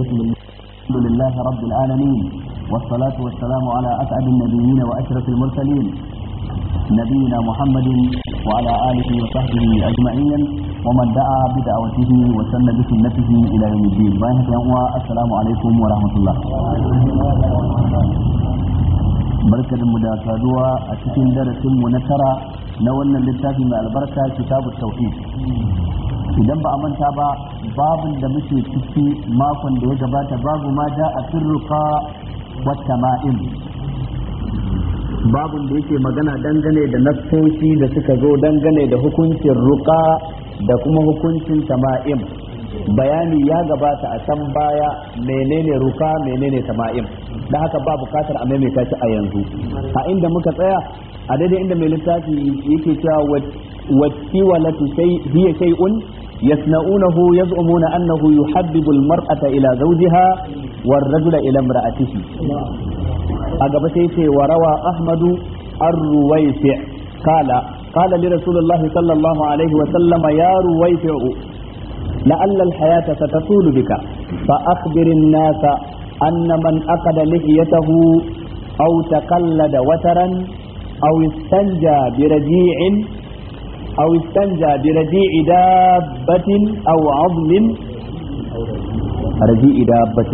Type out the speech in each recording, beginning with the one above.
مسلم الحمد لله رب العالمين والصلاة والسلام على أسعد النبيين وأشرف المرسلين نبينا محمد وعلى آله وصحبه أجمعين ومن دعا بدعوته وسن بسنته إلى يوم الدين بارك السلام عليكم ورحمة الله barka da mu da saduwa a cikin darasin mu na tara na wannan littafi mai albarka kitabu tauhid idan ba a manta ba babin da muke ciki makon da ya gabata babu ma da a firruka wata ma'in babin da yake magana dangane da nassosi da suka zo dangane da hukuncin ruka da kuma hukuncin tama'im bayani ya gabata a can baya menene ruka menene tama'im da haka ba bukatar a maimaita shi a yanzu a inda muka tsaya a daidai inda mai littafi yake cewa wati walatu sai hiya يصنعونه يزعمون أنه يحبب المرأة إلى زوجها والرجل إلى امرأته أقبته وروى أحمد الرويفع قال قال لرسول الله صلى الله عليه وسلم يا رويفع لعل الحياة ستطول بك فأخبر الناس أن من أخذ لحيته أو تقلد وترا أو استنجى برجيع أو استنجى برجيع دابة أو عظم رجيع دابة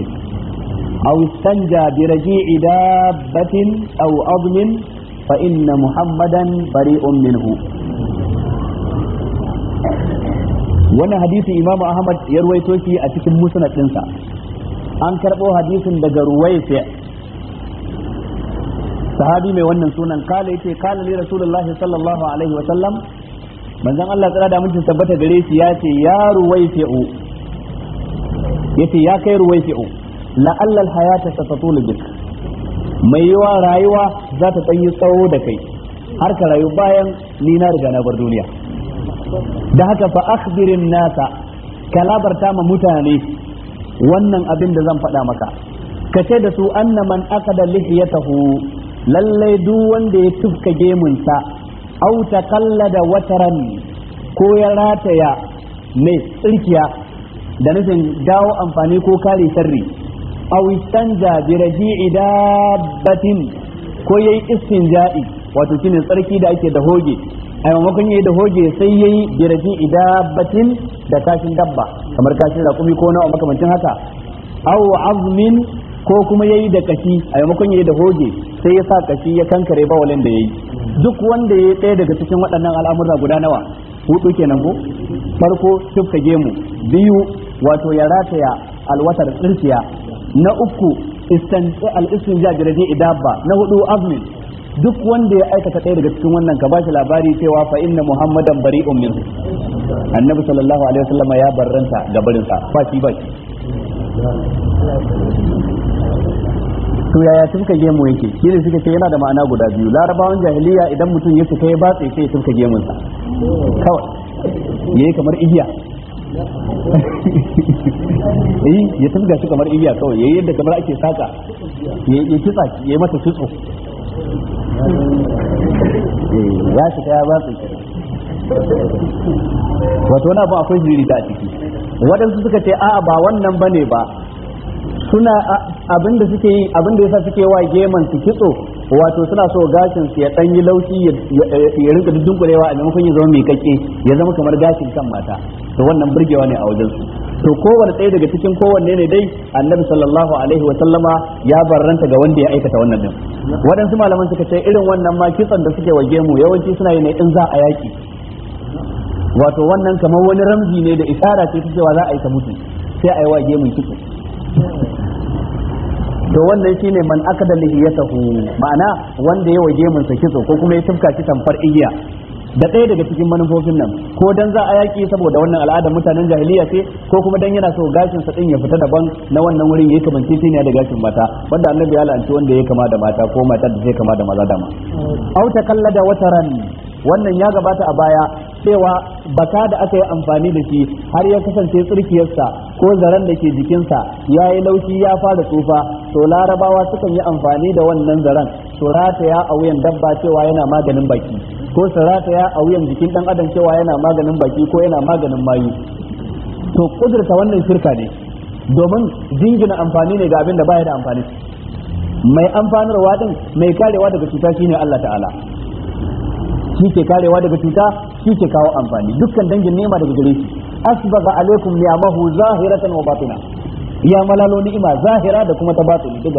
أو استنجى برجيع دابة أو عظم فإن محمدا بريء منه wannan hadisi imam ahmad ya ruwaito shi a cikin musnad an karɓo hadisin daga ruwaife sahabi mai wannan sunan kala yace kala ne rasulullahi sallallahu alaihi wa sallam manzon Allah tsara da mutum tabbata gare shi ya ce ya ruwai yace ya kai ruwaifi'u la'alla al-hayata satatulu bik mai yiwa rayuwa za ta tsanyi tsawo da kai har ka rayu bayan ni na riga na bar duniya da haka fa akhbirin nasa ka labarta ma mutane wannan abin da zan faɗa maka ka ce da su anna man ya lihiyatahu lallai duk wanda ya tufka gemunsa au taqallada wataran ko ya rataya mai tsirkiya da nufin dawo amfani ko kare sarri au istanja bi raji'i dabbatin ko yayi istinja'i wato shine tsarki da ake da hoge a ya yi da hoge sai yayi bi raji'i dabbatin da kashin dabba kamar kashin rakumi ko nawa makamancin haka au azmin ko kuma yayi da kashi a ya yi da hoge sai ya sa kashi ya kankare bawalin da yayi duk wanda ya ɗaya daga cikin waɗannan al'amura guda nawa hudu kenan ko farko tufka gemu biyu wato ya rataya alwatar tsirciya na uku istanti al-istinja bi idabba na hudu azmin duk wanda ya aikata ɗaya daga cikin wannan ka bashi labari cewa fa inna muhammadan bari'un minhu annabi sallallahu alaihi ya barranta da barinsa ba ba to yaya tufka gemu yake shi ne suka ce yana da ma'ana guda biyu larabawan jahiliya idan mutum ya fita ya batse sai ya tufka gemunsa kawai ya yi kamar igiya eh ya tufka shi kamar igiya kawai yayi yadda kamar ake saka ya kitsa ya yi mata kitso eh, ya fita ya batse wato wani abu akwai jiri da ciki waɗansu suka ce a'a ba wannan bane ba suna abin da suke yi abin da yasa suke wa geman su kitso wato suna so gashin su ya dan yi laushi ya rinka dunkulewa a maimakon ya zama mai kake ya zama kamar gashin kan mata to wannan burgewa ne a wajen su to kowanne ɗaya daga cikin kowanne ne dai annabi sallallahu alaihi wa sallama ya barranta ga wanda ya aikata wannan din waɗansu malaman suka ce irin wannan ma kitson da suke wa gemu yawanci suna yi ne in za a yaki wato wannan kamar wani ramzi ne da isara ce ta cewa za a yi ta mutu sai a yi wa gemun kitso to wannan shine man aka akada lihiyatahu ma'ana wanda ya waje mun saki kitso ko kuma ya tufka shi tamfar igiya da ɗaya daga cikin manufofin nan ko dan za a yaki saboda wannan al'adar mutanen jahiliya ce ko kuma dan yana so gashin sa din ya fita daban na wannan wurin yayi kamar titiniya da gashin mata wanda annabi ya la'anci wanda ya kama da mata ko mata da take kama da maza dama mm. au kallada wataran wannan ya gabata a baya cewa baka da aka yi amfani da shi har ya kasance tsirkiyarsa ko zaren da ke jikinsa ya yi laushi ya fara tsufa to larabawa sukan yi amfani da wannan zaren su rataya a wuyan dabba cewa yana maganin baki ko su rataya a wuyan jikin dan adam cewa yana maganin baki ko yana maganin mayu to kudurta wannan shirka ne domin jingina amfani ne ga abin da baya da amfani mai amfanarwa din mai karewa daga cuta shine Allah ta'ala shi ke karewa daga cuta shi ke kawo amfani dukkan dangin nema daga gare shi asbaga alaikum ni'amahu zahiratan wa batina ya malalo ni'ima zahira da kuma ta batini duk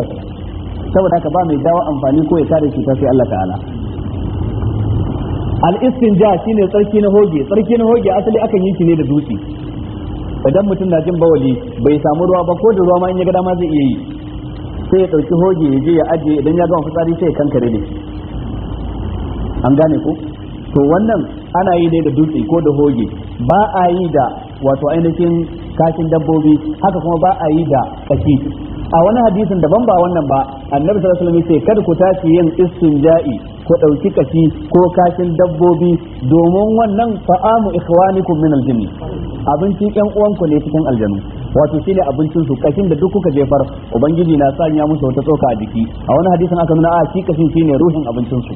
saboda haka ba mai dawo amfani ko ya kare ta sai Allah ta'ala al-istinja shine tsarki na hoge tsarki na hoge asali akan yi shi ne da dutse idan mutum na jin bawali bai samu ruwa ba ko da ruwa ma in ya ga dama zai iya yi sai ya ɗauki hoge ya je ya ajiye idan ya gama fitsari sai ya kankare ne an gane ku to wannan ana yi ne da dutse ko da hoge ba a yi da wato ainihin kashin dabbobi haka kuma ba a yi da kashi a wani hadisin daban ba wannan ba annabi sallallahu alaihi wasallam kada ku tashi yin istinja'i Ko ɗauki kashi ko kashin dabbobi domin wannan fa'amu ikhwanikum min aljinni abincin ƴan uwanku ne cikin aljanu wato shine abincin su kashin da duk kuka jefar ubangiji na sanya musu wata tsoka a jiki a wani hadisin aka nuna a shi kashin shine ruhin abincin su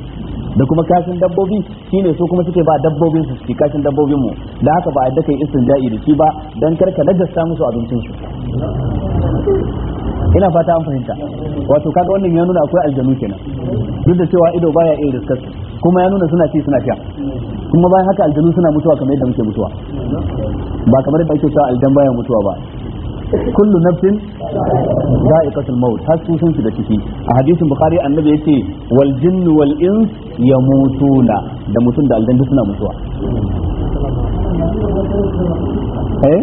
da kuma kashin dabbobi shine su kuma suke ba dabbobin su suke kashin dabbobin mu da haka ba a yadda kai istinja'i da shi ba dan karka najasta musu abincin su ina fata an fahimta wato kaga wannan ya nuna akwai aljanu kenan duk da cewa ido baya iya riskar kuma ya nuna suna ci suna sha kuma bayan haka aljanu suna mutuwa kamar yadda muke mutuwa ba kamar yadda ake cewa aljan baya mutuwa ba kullu nafsin za'iqatul maut har su sun shiga ciki a hadisin bukhari annabi yace wal jinnu wal ins yamutuna da mutum da aljan suna mutuwa eh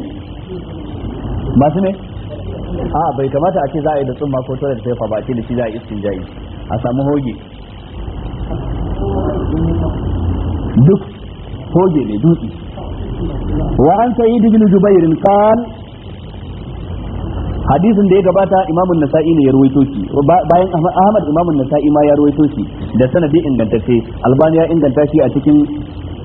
ba su ne a bai kamata a ce za a yi da tsumma ko tare da taifa ba ce da shi za a yi jayi a samu hoge duk hoge ne dutse wa an sayyid ibn jubair kan. hadisin da ya gabata imamun nasa'i ne ya ruwaito shi bayan ahmad imamun nasa'i ma ya ruwaito shi da sanadi ingantacce albani ya inganta shi a cikin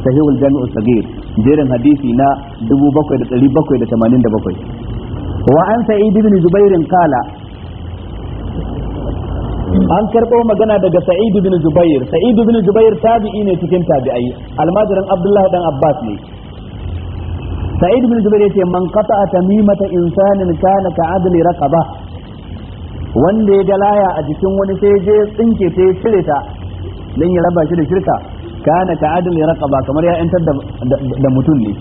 sahihul jami'u sagir jerin hadisi na 7787 wa an sa'id ibn zubair Kala, an karɓo magana daga sa'id ibn zubair sa'id ibn zubair tabi'i ne cikin tabi'ai almajiran abdullah dan abbas ne sa'id ibn zubair yace man qata'a tamimata insanin kana ka adli raqaba wanda ya galaya a jikin wani sai je tsinke ta ya cire ta dan ya raba shi da shirka kana ka adli raqaba kamar ya intar da mutum ne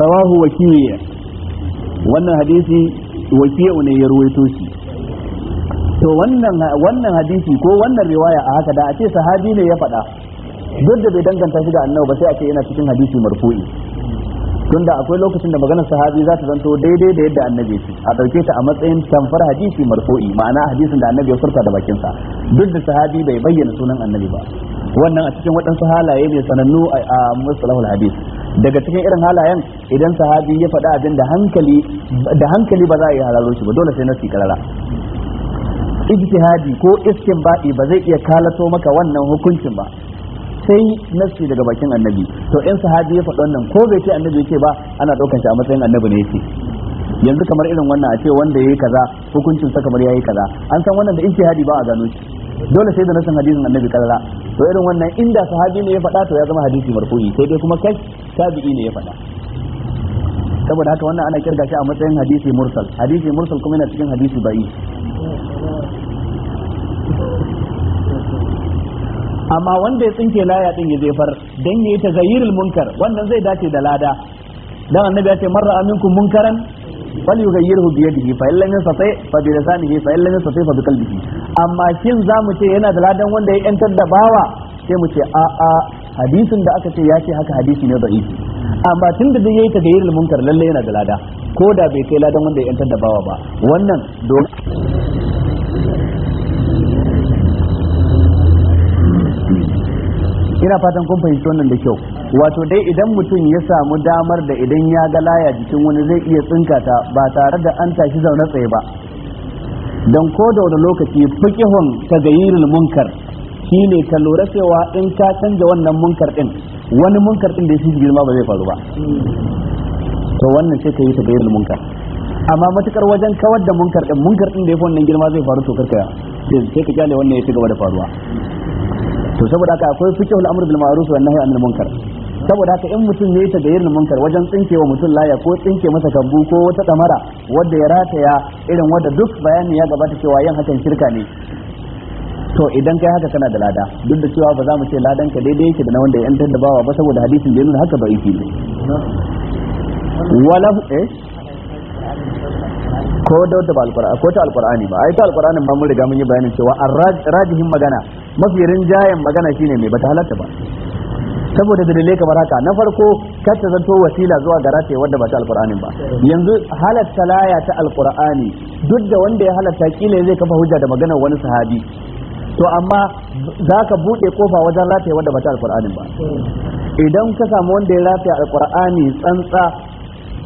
rawahu wakiya wannan hadisi wakiya ne ya ruwaito shi to wannan wannan hadisi ko wannan riwaya a haka da a ce sahabi ne ya faɗa duk da bai danganta shi da annabi ba sai a ce yana cikin hadisi marfu'i tunda akwai lokacin da maganar sahabi za ta zanto daidai da yadda annabi ce a dauke ta a matsayin tamfar hadisi marfu'i ma'ana hadisin da annabi ya furta da bakinsa duk da sahabi bai bayyana sunan annabi ba wannan a cikin waɗansu halaye ne sanannu a musalahul hadisi. daga cikin irin halayen idan sahabi ya faɗa abin da hankali da hankali ba za a yi halalo shi ba dole sai nasi karara ijtihadi ko istinbadi ba zai iya kalato maka wannan hukuncin ba sai nasi daga bakin annabi to in sahabi ya faɗa wannan ko bai ce annabi yake ba ana ɗaukar shi a matsayin annabi ne yake yanzu kamar irin wannan a ce wanda yayi kaza hukuncin sa kamar yayi kaza an san wannan da ijtihadi ba a gano shi dole sai da nasin hadisin annabi karara to irin wannan inda sahabi ne ya faɗa to ya zama hadisi marfu'i sai dai kuma kai tabi'i ne ya faɗa saboda haka wannan ana kirga shi a matsayin hadisi mursal hadisi mursal kuma yana cikin hadisi ba'i amma wanda ya tsinke laya din ya zefar dan yayi tazayirul munkar wannan zai dace da lada dan annabi ya ce marra aminkum munkaran fal yughayyirhu bi yadihi fa illam yastati fa bi lisanihi fa illam yastati fa bi qalbihi amma shin zamu ce yana da ladan wanda ya yantar da bawa sai mu ce a a hadisin da aka ce ya ce haka hadisi ne da'ifi amma tun da dai yayi tagayyirul munkar lalle yana da lada ko da bai kai ladan wanda ya yantar da bawa ba wannan don ina fatan kun fahimci wannan da kyau wato dai idan mutum ya samu damar da idan ya ga laya jikin wani zai iya tsinka ta ba tare da an tashi zaune tsaye ba don ko da wani lokaci ta tagayyirul munkar shine ka lura cewa in ka canza wannan munkar din wani munkar din da shi girma ba zai faru ba to wannan sai ka yi ta tagayyirul munkar amma matukar wajen kawar da munkar din munkar din da yafi wannan girma zai faru to karka sai ka kyale wannan ya ci gaba da faruwa to saboda haka akwai fiqhul amr bil ma'ruf wa nahyi anil munkar saboda haka in mutum yayi ta gayyar munkar wajen tsinke wa mutum laya ko tsinke masa kambu ko wata damara wanda ya rataya irin wanda duk bayani ya gabata cewa yin hakan shirka ne to idan kai haka kana da lada duk da cewa ba za mu ce ladan ka daidai yake da na wanda ya yantar da bawa ba saboda hadisin da nuna haka ba yake ne wala eh? ko da wata ba alqur'ani ko ta alqur'ani ba ai ta alqur'anin ba mun riga mun yi bayanin cewa rajihin magana mafi rinjayen magana shine mai bata halatta ba saboda dalilai kamar haka na farko kar ta zanto wasila zuwa ga rataye wanda ba ta alqur'ani ba yanzu halatta laya ta alqur'ani duk da wanda ya halatta kila zai kafa hujja da maganar wani sahabi to amma zaka ka buɗe kofa wajen rataye wanda ba ta alqur'ani ba idan ka samu wanda ya rataye alqur'ani tsantsa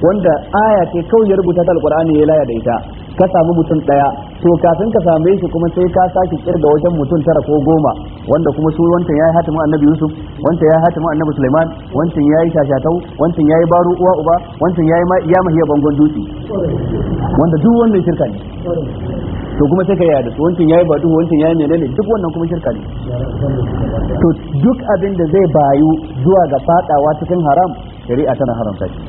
wanda aya ce kawai ya rubuta ta alqur'ani ya laya da ita ka samu mutum daya to kafin ka same shi kuma sai ka sake kirga wajen mutum tara ko goma wanda kuma su wancan yayi hatimin annabi yusuf wancan yayi hatimin annabi sulaiman wancan yayi shashatau wancan yayi baro uwa uba wancan yayi ya mahiya bangon dutse wanda duk wannan shirka ne to kuma sai ka yi da su wancan yayi badu wancan yayi menene duk wannan kuma shirka ne to duk abin da zai bayu zuwa ga fadawa cikin haram shari'a tana haramta shi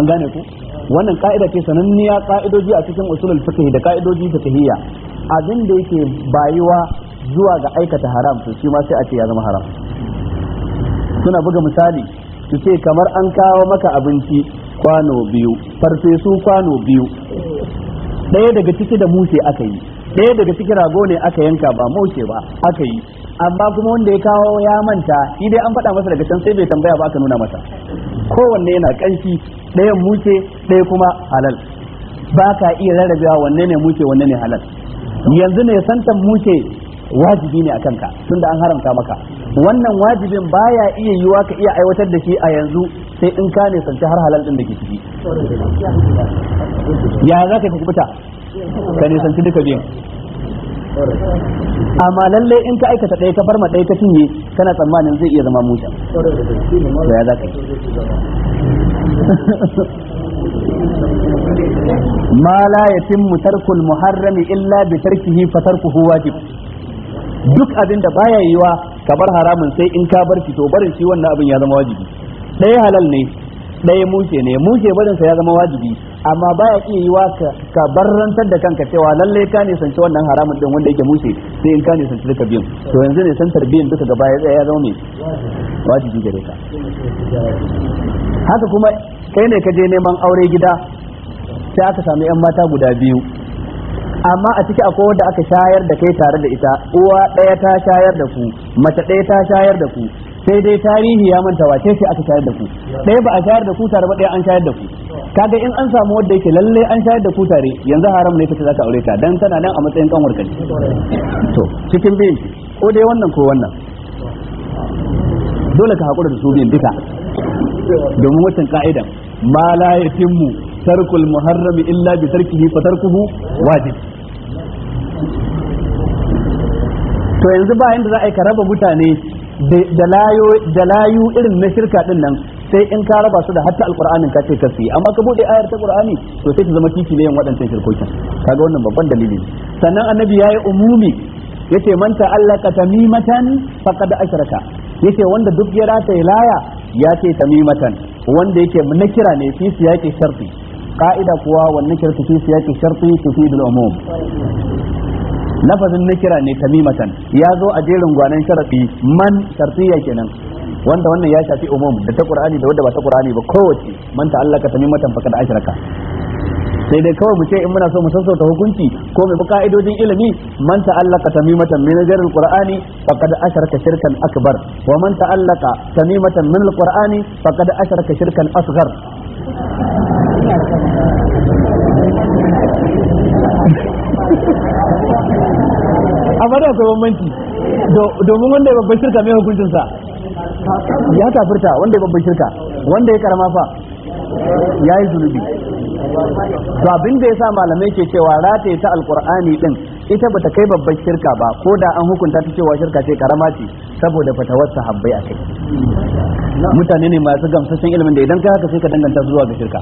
an gane ku wannan ka'ida ce sananniya ka'idoji a cikin usulul fiqh da ka'idoji fiqhiyya abin da yake bayuwa zuwa ga aikata haram to shi ma sai a ce ya zama haram suna buga misali su ce kamar an kawo maka abinci kwano biyu su kwano biyu ɗaya daga ciki da mushe aka yi ɗaya daga ciki rago ne aka yanka ba mushe ba aka yi amma kuma wanda ya kawo ya manta shi dai an faɗa masa daga can sai bai tambaya ba aka nuna masa kowanne yana ƙanshi ɗayan muke ɗaya kuma halal ba ka iya rarrabewa wanne ne muke wanne ne halal yanzu ne santan muke wajibi ne a kanka tunda an haramta maka wannan wajibin baya iya yiwa ka iya aiwatar da shi a yanzu sai in ka ne santi har halal din da ke ciki ya za ka kubuta ka ne santi duka biyan amma lalle in ka aikata ɗaya ka farma ɗaya ka cinye kana tsammanin zai iya zama mutan ya za ka ما لا يتم ترك المحرم illa بتركه فتركه واجب duk abin da baya yiwa ka bar haramun sai in ka bar shi to barin shi wannan abin ya zama wajibi ɗaya halal ne ɗaya muke ne muke barin sa ya zama wajibi amma baya iya yiwa ka barrantar da kanka cewa lalle ka ne sanci wannan haramun din wanda yake muke sai in ka ne sanci duka biyun to yanzu ne santar biyun duka gaba ya zama ne wajibi gare ka haka kuma kai ne ka je neman aure gida sai aka sami yan mata guda biyu amma a ciki akwai wanda aka shayar da kai tare da ita uwa ɗaya ta shayar da ku mace ɗaya ta shayar da ku sai dai tarihi ya manta wace ce aka shayar da ku ɗaya ba a shayar da ku tare ba ɗaya an shayar da ku kaga in an samu wanda yake lalle an shayar da ku tare yanzu haram ne kace zaka aure ta dan tana nan a matsayin kanwar kai to cikin biyu ko dai wannan ko wannan dole ka hakura da su biyun duka domin waccan ka'idan ma la yatimmu tarkul muharram illa bi tarkihi fa tarkuhu wajib to yanzu ba yanda za a yi ka raba mutane da layu irin na shirka din nan sai in ka raba su da hatta alqur'anin ka ce kasi amma ka bude ayar ta qur'ani to sai ta zama kiki ne yin waɗancan shirkokin kaga wannan babban dalili sannan annabi yayi umumi yace man ka tamimatan faqad asharaka yace wanda duk ya rataye laya ya ce tamimatan wanda yake na kira ne fi siyaqi sharti ka'ida kuwa wannan kirki fi su sharti bil umum lafazin nakira ne tamimatan ya zo a jerin gwanan sharafi man shartiya kenan wanda wannan ya shafi umum da ta qur'ani da wadda ba ta qur'ani ba kowace man ta'allaka tamimatan da ashraka sai dai kawai mu ce in muna so mu sassauta hukunci ko mai ka'idojin ilimi man ta'allaka tamimatan min ghairil qur'ani faqad asharaka shirkan akbar wa man ta'allaka tamimatan min al-qur'ani faqad asharaka shirkan asghar amma da akwai bambanci domin wanda ya babban shirka mai hukuncinsa ya kafirta wanda ya babban shirka wanda ya karama fa ya yi zunubi to abin da yasa malamai ke cewa rataye ta alqur'ani din ita bata kai babban shirka ba ko da an hukunta ta cewa shirka ce karama ce saboda fatawar sahabbai akai mutane ne masu gamsashen ilimin da idan ka haka sai ka danganta zuwa ga shirka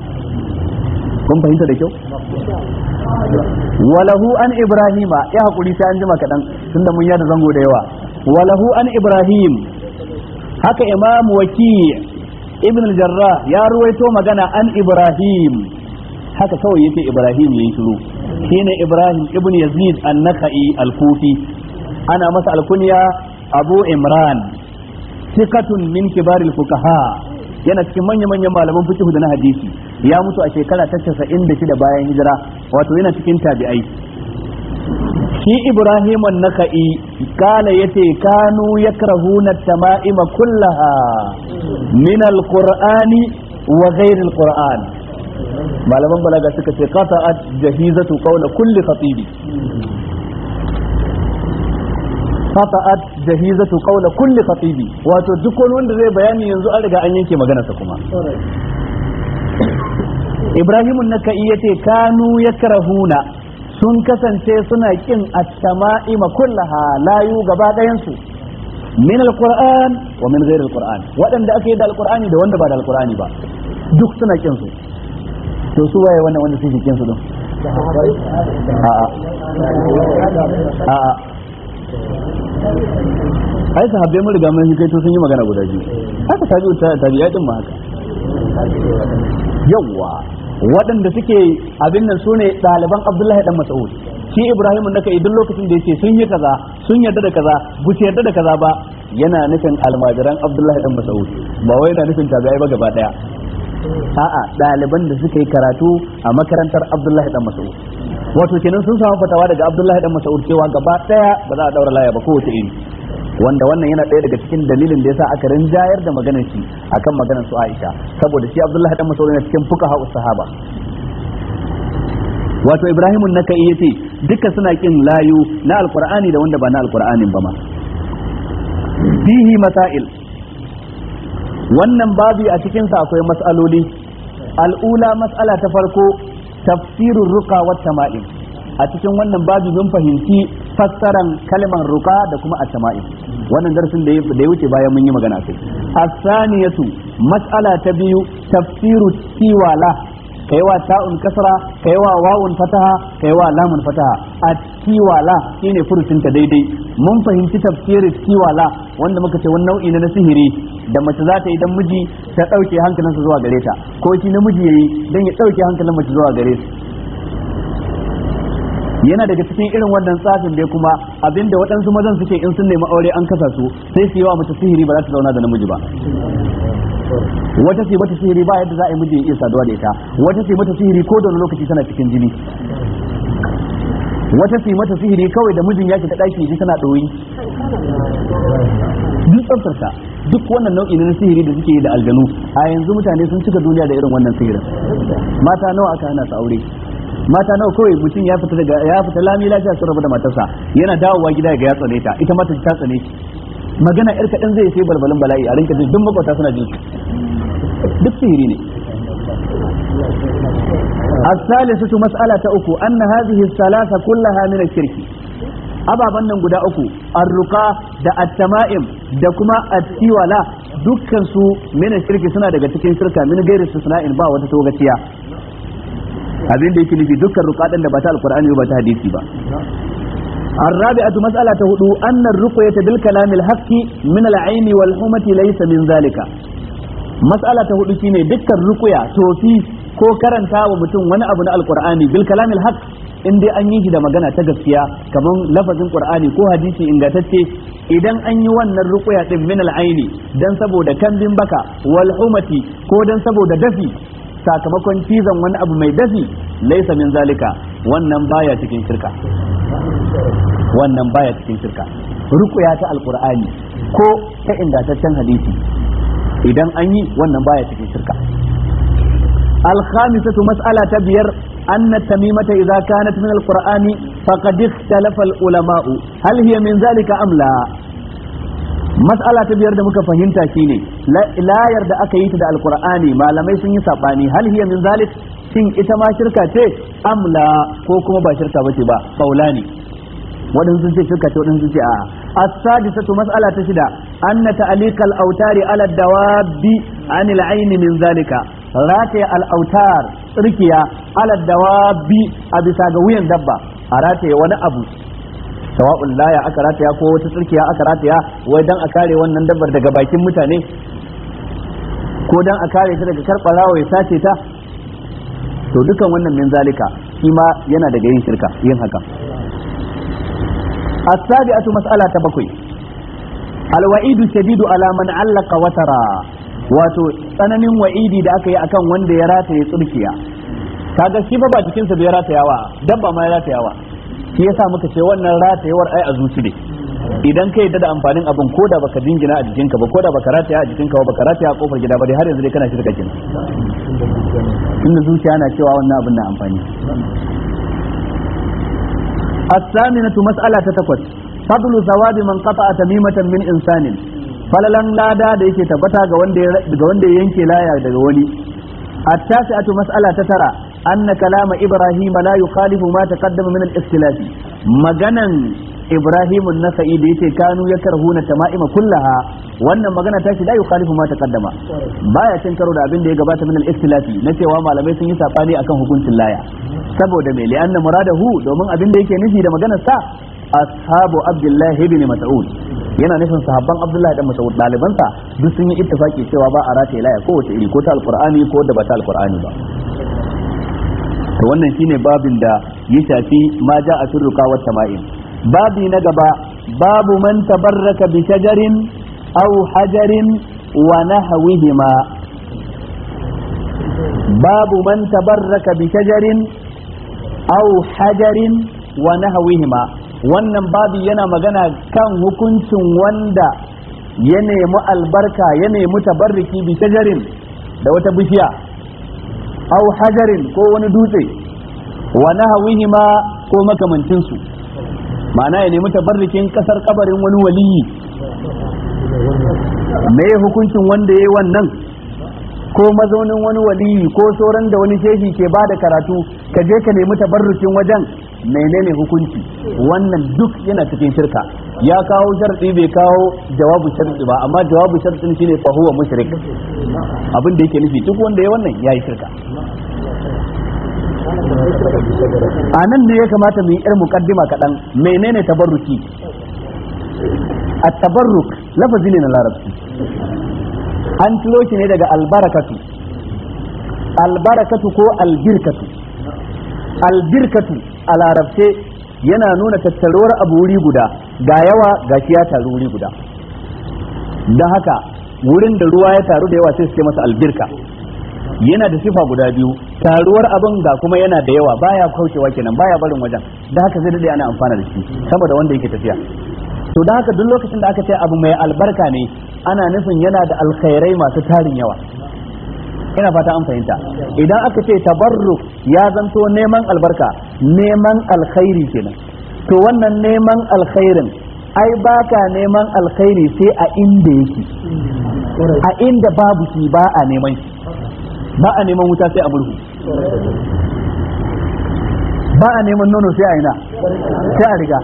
kun fahimta da kyau walahu an ibrahima ya hakuri sai an jima kaɗan tunda mun yada zango da yawa walahu an ibrahim haka imam waki ibn al-jarrah ya ruwaito magana an ibrahim haka kawai yake Ibrahim ya yi shiru ne Ibrahim ibn Yazid an nakai alkufi ana masa alkunya Abu Imran tikatun min kibar fukaha yana cikin manya manyan malaman fiqh da na hadisi ya mutu a shekara ta shida bayan hijira wato yana cikin tabi'ai shi Ibrahim an nakai kala yace kanu yakrahuna na tamaima kullaha min al wa gairin al malaman balaga suka ce qata'at jahizatu qawla kulli khatibi qata'at jahizatu qawla kulli khatibi wato duk wani wanda zai bayani yanzu an riga an yanke magana sa kuma Ibrahim an-Nakai ce kanu ya yakrahuna sun kasance suna kin at-tama'ima kullaha layu gaba dayan su min al-Qur'an wa min ghairi al-Qur'an wadanda aka yi da al da wanda ba da al ba duk suna kin su to su waye wannan wanda su jikin su don A'a. A'a. ai sahabbai mun riga mun shi kai to sun yi magana guda biyu haka tabi'u ta tabi'a din ma haka yawwa waɗanda suke abin nan sune ɗaliban Abdullahi dan Mas'ud shi Ibrahim kai idan lokacin da yace sun yi kaza sun yarda da kaza bu yarda da kaza ba yana nufin almajiran Abdullahi dan Mas'ud ba wai yana nufin tabi'ai ba gaba daya a'a ɗaliban da suka yi karatu a makarantar abdullahi dan mas'ud wato kenan sun samu fatawa daga abdullahi dan mas'ud cewa gaba daya ba za a daura laya ba kowace iri wanda wannan yana ɗaya daga cikin dalilin da yasa aka rinjayar da maganar shi akan maganar su Aisha saboda shi Abdullahi dan Mas'ud yana cikin fuka fuqaha sahaba wato Ibrahim an ya ce duka suna kin layu na alqur'ani da wanda ba na alqur'anin ba ma fihi masail wannan babi a cikin sa akwai matsaloli al'ula matsala ta farko tafsirur ruqa wat a cikin wannan babi mun fahimci fassaran kalmar ruka da kuma at tama'in wannan darasin da ya wuce bayan mun yi magana kai as-saniyatu mas'ala ta biyu tafsiru tiwala kai wa ta'un kasra kai wa wawun fataha kai wa lamun fataha a tiwala shine furucin ta daidai mun fahimci tafsirin tiwala wanda muka ce wani nau'i na sihiri da mace za ta yi dan miji ta dauke hankalinsa zuwa gare ta ko shi namiji yayi dan ya dauke hankalin mace zuwa gare shi yana daga cikin irin wannan tsafin dai kuma abinda waɗansu mazan suke in sun nemi aure an kasa su sai su yi wa mace sihiri ba za ta zauna da namiji ba wata sai mata sihiri ba yadda za a yi miji ya iya saduwa da ita wata sai mata sihiri ko da wani lokaci tana cikin jini wata sai mata sihiri kawai da mijin ya shiga ɗaki ji tana ɗoyi duk tsaftarsa duk wannan nau'i na sihiri da suke yi da aljanu a yanzu mutane sun cika duniya da irin wannan sihirin mata nawa aka hana su aure mata nawa kawai mutum ya fita daga ya fita lami lafiya sun rabu da matarsa yana dawowa gida ga ya tsane ta ita mata ta tsane magana yar kaɗan zai sai balbalin bala'i a rinka duk makwata suna jin duk sihiri ne الثالثة مسألة أكو أن هذه الثلاثة كلها من الشرك ababen nan guda uku arruka da attama'im da kuma atiwala dukkan su mina shirki suna daga cikin shirka min gairi in ba wata togaciya abin da ya nufi dukkan ruqadan da ba ta alqur'ani ba ta hadisi ba الرابعة مسألة هدو أن الرقية بالكلام الحق من العين والحمة zalika. من ta مسألة هدو شيني دك الرقية توفي ko karanta wa mutum wani abu na alkur'ani bil kalamil haq in dai an yi shi da magana ta gaskiya kamar lafazin ƙur'ani ko hadisi ingantacce idan an yi wannan rukuya din min al-aini dan saboda kambin baka walhumati ko dan saboda dafi sakamakon cizon wani abu mai dafi laisa min zalika wannan baya cikin shirka wannan baya cikin shirka rukuya ta alqur'ani ko ta ingantaccen hadisi idan an yi wannan baya cikin shirka alkhamisatu mas'ala ta biyar أن التميمة إذا كانت من القرآن فقد اختلف العلماء hal هي min ذلك أم لا Matsala ta biyar da muka fahimta shine layar da aka yi ta da Alkur'ani malamai sun yi saɓani hal hiya min zalik shin ita ma shirka ce amla ko kuma ba shirka bace ba kaulani waɗansu ce shirka ce waɗansu ce a as-sadisatu mas'ala ta shida anna ta'liqal autari ala dawabi anil aini min zalika rataya al-autar tsirkiya ala dawabi a bisa ga wuyan dabba a rataye wani abu sawa'un laya aka rataya ko wata tsirkiya aka rataya wai dan a kare wannan dabbar daga bakin mutane ko dan a kare ta daga karbarawa ya sace ta to dukan wannan min zalika shi yana daga yin shirka yin haka as-sabi'atu mas'ala ta bakwai al-wa'idu shadidu ala man allaqa watara wato tsananin wa'idi da aka yi akan wanda ya rataye tsirkiya kaga shi ba ba jikinsa bai ratayawa dabba ma ya ratayawa shi yasa muka ce wannan ratayewar ai a zuci ne idan ka yi da amfanin abin ko da baka dingina a jikinka ba ko da baka rataya a jikinka ba baka rataya a kofar gida ba dai har yanzu dai kana shirka gina inda zuciya na cewa wannan abin na amfani الثامنة مسألة تتكوت فضل man من قطع تميمة من إنسان falalan lada da yake tabbata ga wanda ya yanke laya daga wani a tumas Ala ta tara أن كلام إبراهيم لا يخالف ما تقدم من الاختلاف مجانا إبراهيم النسائي بيتي كانوا يكرهون التمائم كلها وأن مجانا تاشي لا يخالف ما تقدم ما يتنكروا لابن دي قبات من الاختلاف نتي وما لم يسن يساقاني أكن حكومة الله سبو دمي لأن مراده دومن أبن دي كنزي دمجانا سا أصحاب عبد الله بن مسعود yana nufin sahabban Abdullahi dan Mas'ud dalibansa duk sun yi ittifaki cewa ba a rataye laya kowace iri ko ta alqur'ani ko da ba ta alqur'ani ba to wannan shine babin da ya shafi ma a turuka wa tama'im babi na gaba babu man tabarraka bi shajarin aw hajarin wa nahwihima babu man tabarraka bi shajarin aw hajarin wa nahwihima wannan babi yana magana kan hukuncin wanda ya nemi albarka ya nemi tabarriki bi shajarin da wata bishiya aw hajarin ko wani dutse wa ma ko makamancin su ma'ana ya nemi tabarrukin kasar kabarin wani waliyi me hukuncin wanda yayi wannan ko mazaunin wani waliyi ko sauran da wani shehi ke ba da karatu ka je ka nemi tabarrukin wajen menene hukunci wannan duk yana cikin shirka ya kawo sharadi bai kawo jawabu sharadi ba amma jawabu sharadin shine fa huwa mushrik abin da yake nufi duk wanda ya wannan yayi shirka a nan ne ya kamata mu yi yar muqaddima kaɗan menene tabarruki a tabarruk lafazi ne na larabci an tilo ne daga albarakatu albarakatu ko albirkatu albirkatu a larabce yana nuna tattaruwar abu wuri guda ga yawa ga shi ya taru wuri guda don haka wurin da ruwa ya taru da yawa sai suke masa albirka yana da sifa guda biyu taruwar abin ga kuma yana da yawa baya kaucewa kenan baya barin wajen da haka zai dade ana amfana da shi saboda wanda yake tafiya to da haka duk lokacin da aka ce abu mai albarka ne ana nufin yana da alkhairai masu tarin yawa ina fata an fahimta idan aka ce tabarruk ya zanto neman albarka neman alkhairi kenan to wannan neman alkhairin ai baka neman alkhairi sai a inda yake a inda babu shi ba a neman shi ba a neman wuta sai a murhu ba a neman nono sai a ina sai a riga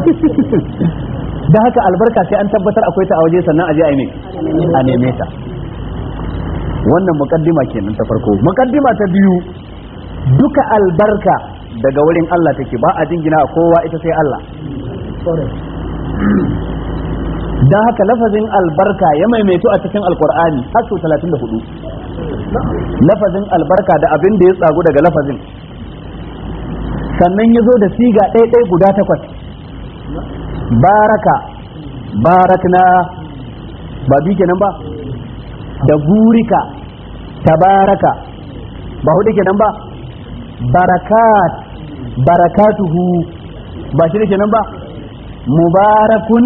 da haka albarka sai an tabbatar akwai ta a waje sannan a je a yi a neme ta wannan ke kenan ta farko muqaddima ta biyu duka albarka daga wurin Allah take ba a jingina kowa ita sai Allah don haka lafazin albarka ya maimaitu a cikin alkur'ani har su 34 lafazin albarka da abin da ya tsagu daga lafazin sannan ya zo da siga ɗaiɗai guda takwas baraka barakna ba bi kenan ba da burika tabaraka ba hudu kenan ba barakat barakatuhu ba shi kenan ba mubarakun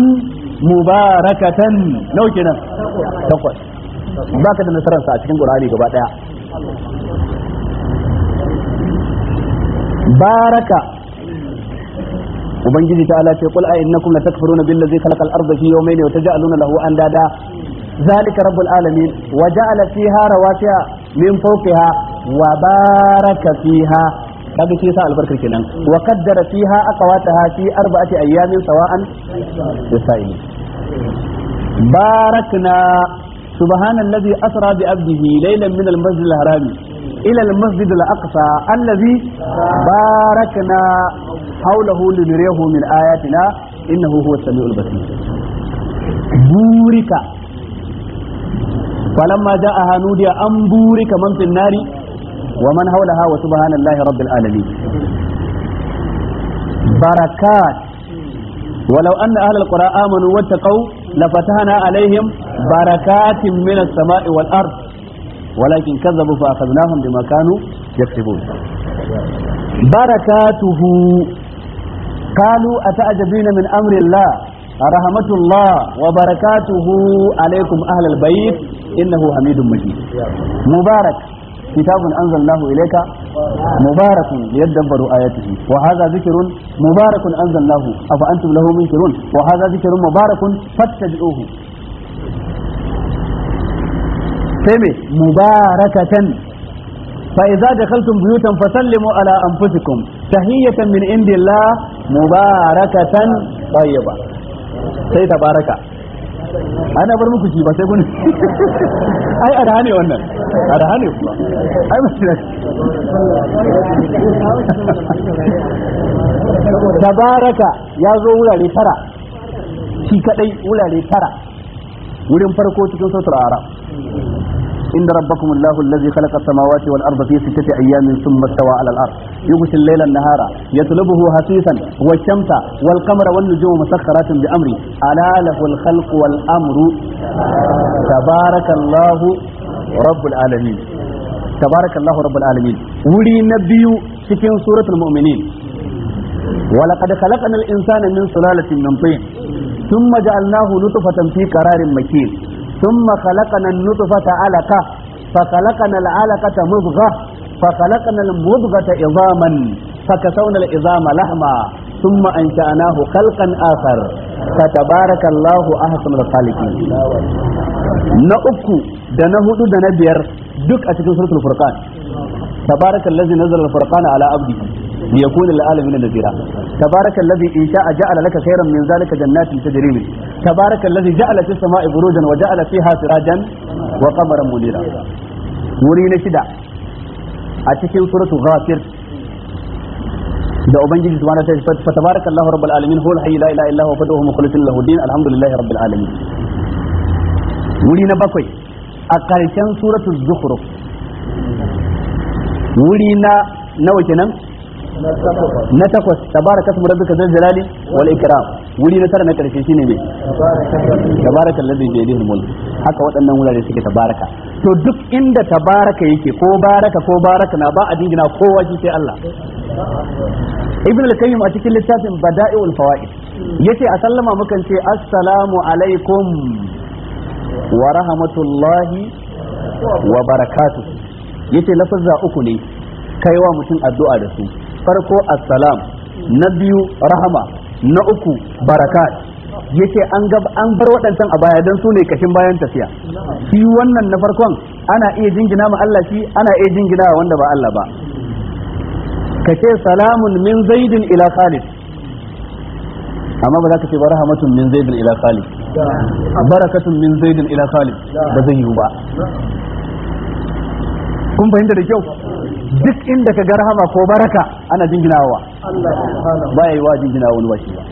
mubarakatan nau kenan takwas ka da nasararsa a cikin gurari gaba daya baraka ubangiji ta ce kul a innakum takfuruna billazi khalaqal arda fi yawmayni wa taj'aluna lahu andada ذلك رب العالمين وجعل فيها رواسي من فوقها وبارك فيها kaga shi yasa albarkar kenan wa qaddara fiha aqwataha fi arba'ati ayyamin sawa'an lisail barakna subhana alladhi asra bi abdihi laylan min al-masjid al-harami ila al-masjid al-aqsa alladhi barakna hawlahu linuriyahu min ayatina innahu huwa as-sami'ul basir burika falamma ja'aha nudiya an buri kamar finnari nari wa man hawlaha wa subhanallahi rabbil alamin barakat walau anna ahlal qura amanu na lafatahna alaihim barakatin minas sama'i wal ard ولكن كذبوا فأخذناهم بما كانوا يكسبون بركاته قالوا أتعجبين من أمر الله رحمة الله وبركاته عليكم أهل البيت innahu hamidun majid mubarak kitabun anzalnahu ilayka mubarakun liyadabbaru ayatihi wa hadha dhikrun mubarakun anzalnahu afa antum lahu sai فإذا دخلتم بيوتا فسلموا على أنفسكم من عند الله مباركة طيبة سيد ana bar muku shi ba sai kun ai arha ne wannan arha ne kuma ai ba tabaraka ya zo wurare tara shi kadai wurare tara wurin farko cikin sautar arab إن ربكم الله الذي خلق السماوات والأرض في ستة أيام ثم استوى على الأرض يغشي الليل النهار يطلبه حثيثا والشمس والقمر والنجوم مسخرات بأمره ألا له الخلق والأمر تبارك الله رب العالمين تبارك الله رب العالمين ولي نبي في سورة المؤمنين ولقد خلقنا الإنسان من سلالة من طين ثم جعلناه نطفة في قرار مكين ثم خلقنا النطفة علقة فخلقنا العلقة مضغة فخلقنا المضغة عظاما فكسونا العظام لحما ثم أنشأناه خلقا آخر فتبارك الله أحسن الخالقين نأكو دنه دنبير دك أتكن سورة الفرقان تبارك الذي نزل الفرقان على عبده ليكون للعالمين نذيرا تبارك الذي إن شاء جعل لك خيرا من ذلك جنات تجري من تبارك الذي جعل في السماء بروجا وجعل فيها سراجا وقمرا منيرا wuri na shida a cikin suratu ghafir da ubangiji subhanahu wa ta'ala fa tabarakallahu rabbul alamin huwal hayy la ilaha illa huwa fad'uhu mukhlishin lahu din alhamdulillahi rabbil alamin wuri na bakwai a karshen suratu zukhruf wuri na nawa kenan na takwas tabaraka asmu rabbika zal jalali wal ikram wuri na tara na karshe shine me tabaraka alladhi bi yadihi mulk haka waɗannan wurare suke tabaraka to duk inda tabaraka yake ko baraka ko baraka na ba a dingina kowa shi sai Allah ibn al-qayyim a cikin littafin bada'iul fawaid yace a sallama mukan ce assalamu alaikum wa rahmatullahi wa barakatuh yace lafazza uku ne kaiwa mutum addu'a da su farko assalam na biyu rahama na uku barakat yace an gab an bar waɗancan a baya don su ne kashin bayan tafiya shi wannan na farkon ana iya jingina ma Allah shi ana iya jingina wanda ba Allah ba kace salamun min zaidin ila khalid amma ba za ka ce ba rahamatun min zaidin ila khalid barakatun min zaidin ila khalid ba zai yiwu ba kun fahimta da kyau duk inda ka ga rahama ko baraka ana jinginawa baya yi wa jingina wani washi ba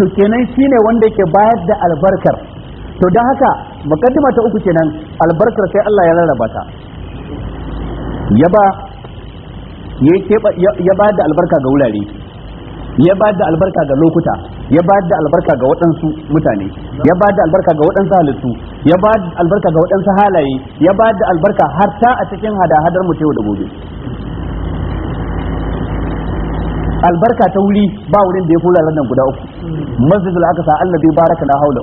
to kenan ne wanda yake bayar da albarkar to don haka mukaddima ta uku kenan albarkar sai Allah ya rarraba ta ya ba da albarka ga wurare ya ba da albarka ga lokuta ya ba da albarka ga waɗansu mutane ya ba da albarka ga waɗansu halittu ya ba da albarka ga waɗansu halaye ya ba da albarka har ta a cikin hada-hadar mu yau da gobe albarka ta wuri ba wurin da ya kula nan guda uku masjidul aqsa allazi baraka na haula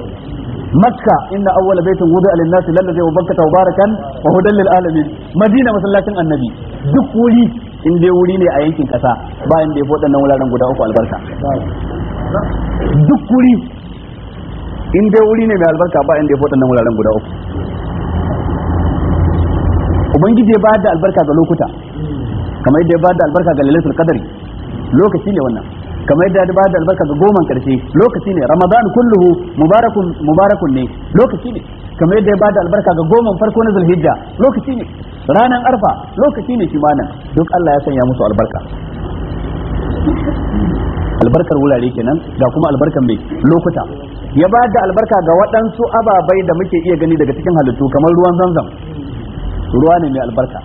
makka inna awwala baitin wudu lin-nas lalladhi wa tawbarakan wa hudan lil alamin madina masallacin annabi duk wuri in dai wuri ne a yankin kasa ba da ya nan wuraren guda uku albarka duk wuri in dai wuri ne mai albarka ba inda ya fota nan wuraren guda uku ubangiji ya ba da albarka ga lokuta kamar yadda ya ba da albarka ga lalatul kadari lokaci ne wannan kamar yadda ya ba da albarka ga goman karshe lokaci ne ramadan kulluhu mubarakun mubarakun ne lokaci ne kamar yadda ya da albarka ga goman farko na zulhijja lokaci ne ranar arfa lokaci ne shi nan duk Allah ya sanya musu albarka albarkar wurare kenan ga kuma albarkar mai lokuta ya ba da albarka ga waɗansu ababai da muke iya gani daga cikin halittu kamar ruwan zanzan ruwa ne mai albarka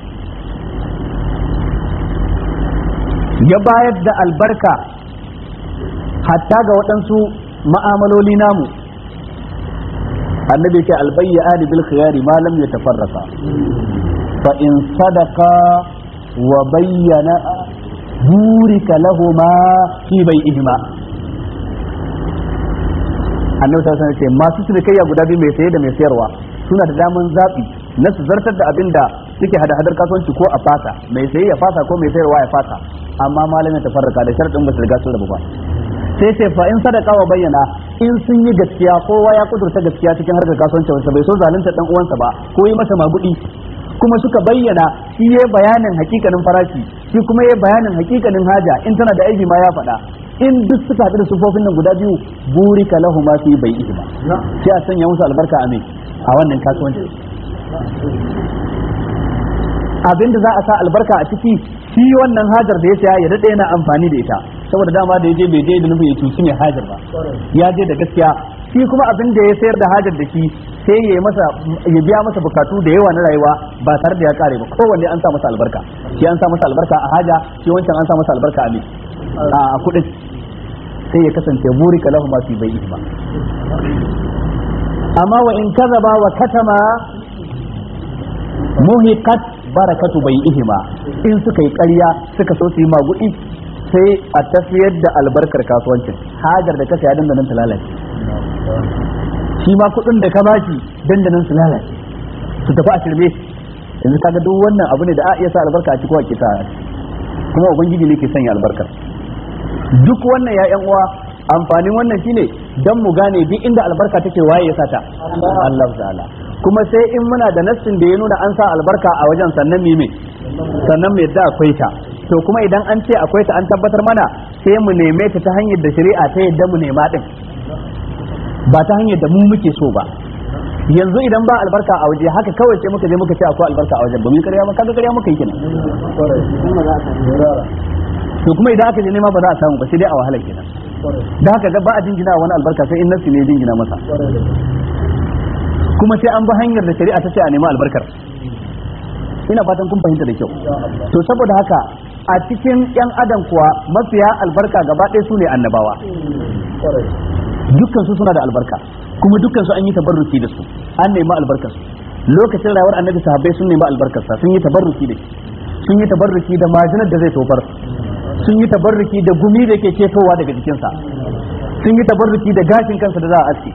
ya bayar da albarka hatta ga waɗansu ma'amaloli namu annabi ke albayya bil khiyari ma lam yatafarraqa fa in sadaka wa bayyana burika lahuma fi bai'ihima annabi ta sanar ce masu cinikayya guda biyu mai saye da mai sayarwa suna da daman zaɓi na su zartar da abin da suke hada-hadar kasuwanci ko a fasa mai saye ya fasa ko mai sayarwa ya fasa amma malamin ta farka da sharɗin ba su riga su rabu ba sai ce fa in sadaka wa bayyana in sun yi gaskiya kowa ya kudurta gaskiya cikin harkar kasuwanci wanda bai so zalunta dan uwansa ba ko yi masa magudi kuma suka bayyana shi ya bayanin hakikanin farashi shi kuma ya bayanin hakikanin haja in tana da aiki ma ya faɗa in duk suka haɗu da sufofin nan guda biyu burika lahu ma fi bai ihma sai a sanya musu albarka a a wannan kasuwanci abinda za a sa albarka a ciki shi wannan hajar da ya saya ya daɗe yana amfani da ita saboda dama da ya je bai je da nufin ya cuci mai hajar ba ya je da gaskiya shi kuma abin da ya sayar da hajar da shi sai ya masa ya biya masa bukatu da yawa na rayuwa ba tare da ya kare ba kowanne an sa masa albarka shi an sa masa albarka a haja shi wancan an sa masa albarka a me kudin sai ya kasance buri lahu ma bai bai'i ba amma wa in kazaba wa katama muhiqat barakatu ihima in suka yi ƙarya suka so su yi magudi sai a tafiyar da albarkar kasuwancin hajar da ka saya dandanan ta lalace shi ma kuɗin da ka ba bashi dandanan su lalace su tafi a shirme yanzu kaga duk wannan abu ne da a iya sa albarka a cikin kisa kuma ubangiji ne ke sanya albarka duk wannan ya uwa amfanin wannan shine dan mu gane duk inda albarka take waye ya sata Allah ta'ala kuma sai in muna da nassin da ya nuna an sa albarka a wajen sannan mime sannan mai da akwai ta to kuma idan an ce akwai ta an tabbatar mana sai mu neme ta ta hanyar da shari'a ta yadda mu nema din ba ta hanyar da mu muke so ba yanzu idan ba albarka a waje haka kawai sai muka je muka ce akwai albarka a wajen ba mu karya ba kaga karya muka yi kenan to kuma idan aka je nema ba za a samu ba sai dai a wahala kenan da haka ga ba a jingina wani albarka sai in nasu ne jingina masa kuma sai an bi hanyar da shari'a ta ce a nema albarkar ina fatan kun fahimta da kyau to saboda haka a cikin yan adam kuwa mafiya albarka gaba ɗaya su ne annabawa dukkan su suna da albarka kuma dukkan su an yi tabarruki da su an nemi albarkar su lokacin rayuwar annabi sahabbai sun nemi albarkar sa sun yi tabarruki da shi sun yi tabarruki da majinar da zai tofar sun yi tabarruki da gumi da yake cetowa daga sa sun yi tabarruki da gashin kansa da za a aske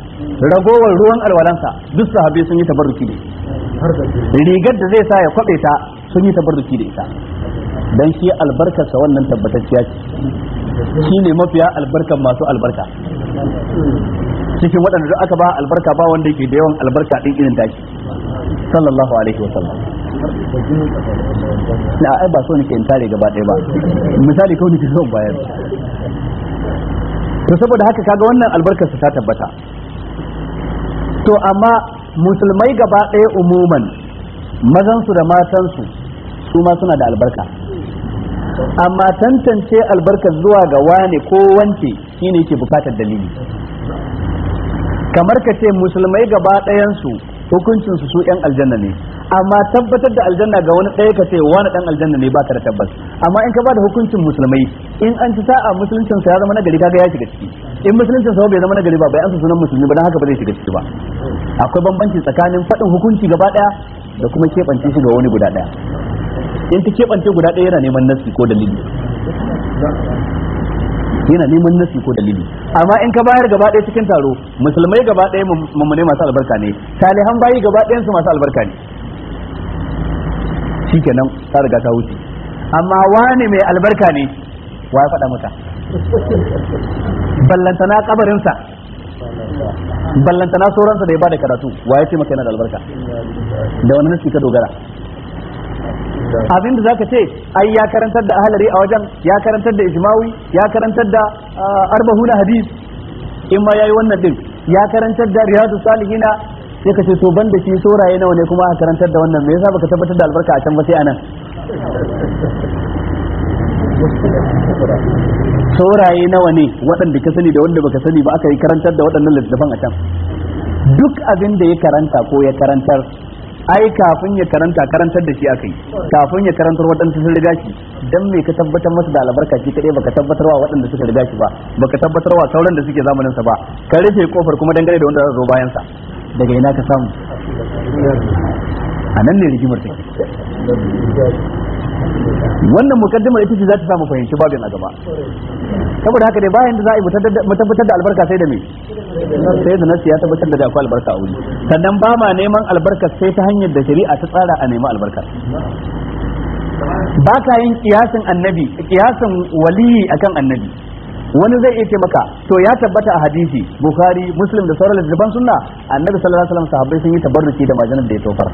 ragowar ruwan alwalansa duk sahabbai sun yi tabarruki da rigar da zai sa ya kwabe ta sun yi tabarruki da ita dan shi albarkarsa wannan tabbatacciya ce ne mafiya albarkan masu albarka cikin waɗanda duk aka ba albarka ba wanda yake da yawan albarka ɗin irin tashi sallallahu alaihi wasallam na ai ba so nake in tare gaba ɗaya ba misali kawai ke son bayar to saboda haka kaga wannan albarkar su ta tabbata to amma musulmai gaba ɗaya umuman mazansu da matansu su ma suna da albarka amma tantance albarkar zuwa ga wane ko wance shine ke bukatar dalili kamar ka ce musulmai gaba ɗayansu hukuncinsu su 'yan aljanna ne amma tabbatar da aljanna ga wani ɗaya ka ce wani ɗan aljanna ne ba ka da tabbas amma in ka ba da hukuncin musulmai in an ci sa'a musuluncin sa ya zama nagari kaga ya shiga ciki in musuluncin sa bai zama nagari ba bai ansa sunan musulmi ba dan haka ba zai shiga ciki ba akwai bambanci tsakanin faɗin hukunci gaba ɗaya da kuma keɓance shi ga wani guda ɗaya in ta kebance guda ɗaya yana neman nasi ko dalili yana neman nasi ko dalili amma in ka bayar gaba ɗaya cikin taro musulmai gaba ɗaya mummune masu albarka ne salihan bayi gaba ɗayan su masu albarka ne shikenan ta riga ta wuce amma wani mai albarka ne wa ya faɗa maka ballantana kabarinsa ballantana sauransa da ya bada karatu wa ya ce maka yana da albarka da wani nasi ka dogara abin da zaka ce ai ya karantar da ahlari a wajen ya karantar da ijmawi ya karantar da ah, na hadis in ma yayi wannan din ya karantar da riyadu salihina sai ka ce to ban da shi soraye nawa ne kuma a karantar da wannan me yasa baka tabbatar da albarka a can ba sai anan Soraye nawa ne waɗanda ka sani da wanda baka sani ba aka yi karantar da waɗannan littattafan a can duk abin da ya karanta ko ya karantar ai kafin ya karanta karantar da shi akai kafin ya karantar waɗanda sun riga shi dan me ka tabbatar masa da albarka shi kadai baka tabbatar wa waɗanda suka riga shi ba baka tabbatar wa sauran da suke zamanin sa ba ka rufe kofar kuma dangane da wanda za zo bayan sa daga ina ka samu a nan ne rigimar take wannan mukaddimar ita ce za ta samu fahimci babu a gaba saboda haka dai bayan da za a yi mu da albarka sai da me sai da nasi ya tabbatar da akwai albarka a wuri sannan ba ma neman albarka sai ta hanyar da shari'a ta tsara a neman albarka ba ka yin kiyasin annabi kiyasin waliyi akan annabi wani zai iya ce maka to ya tabbata a hadisi bukhari muslim da sauran littattafan sunna annabi sallallahu alaihi wasallam sahabbai sun yi tabarruki da majanar da ya tofar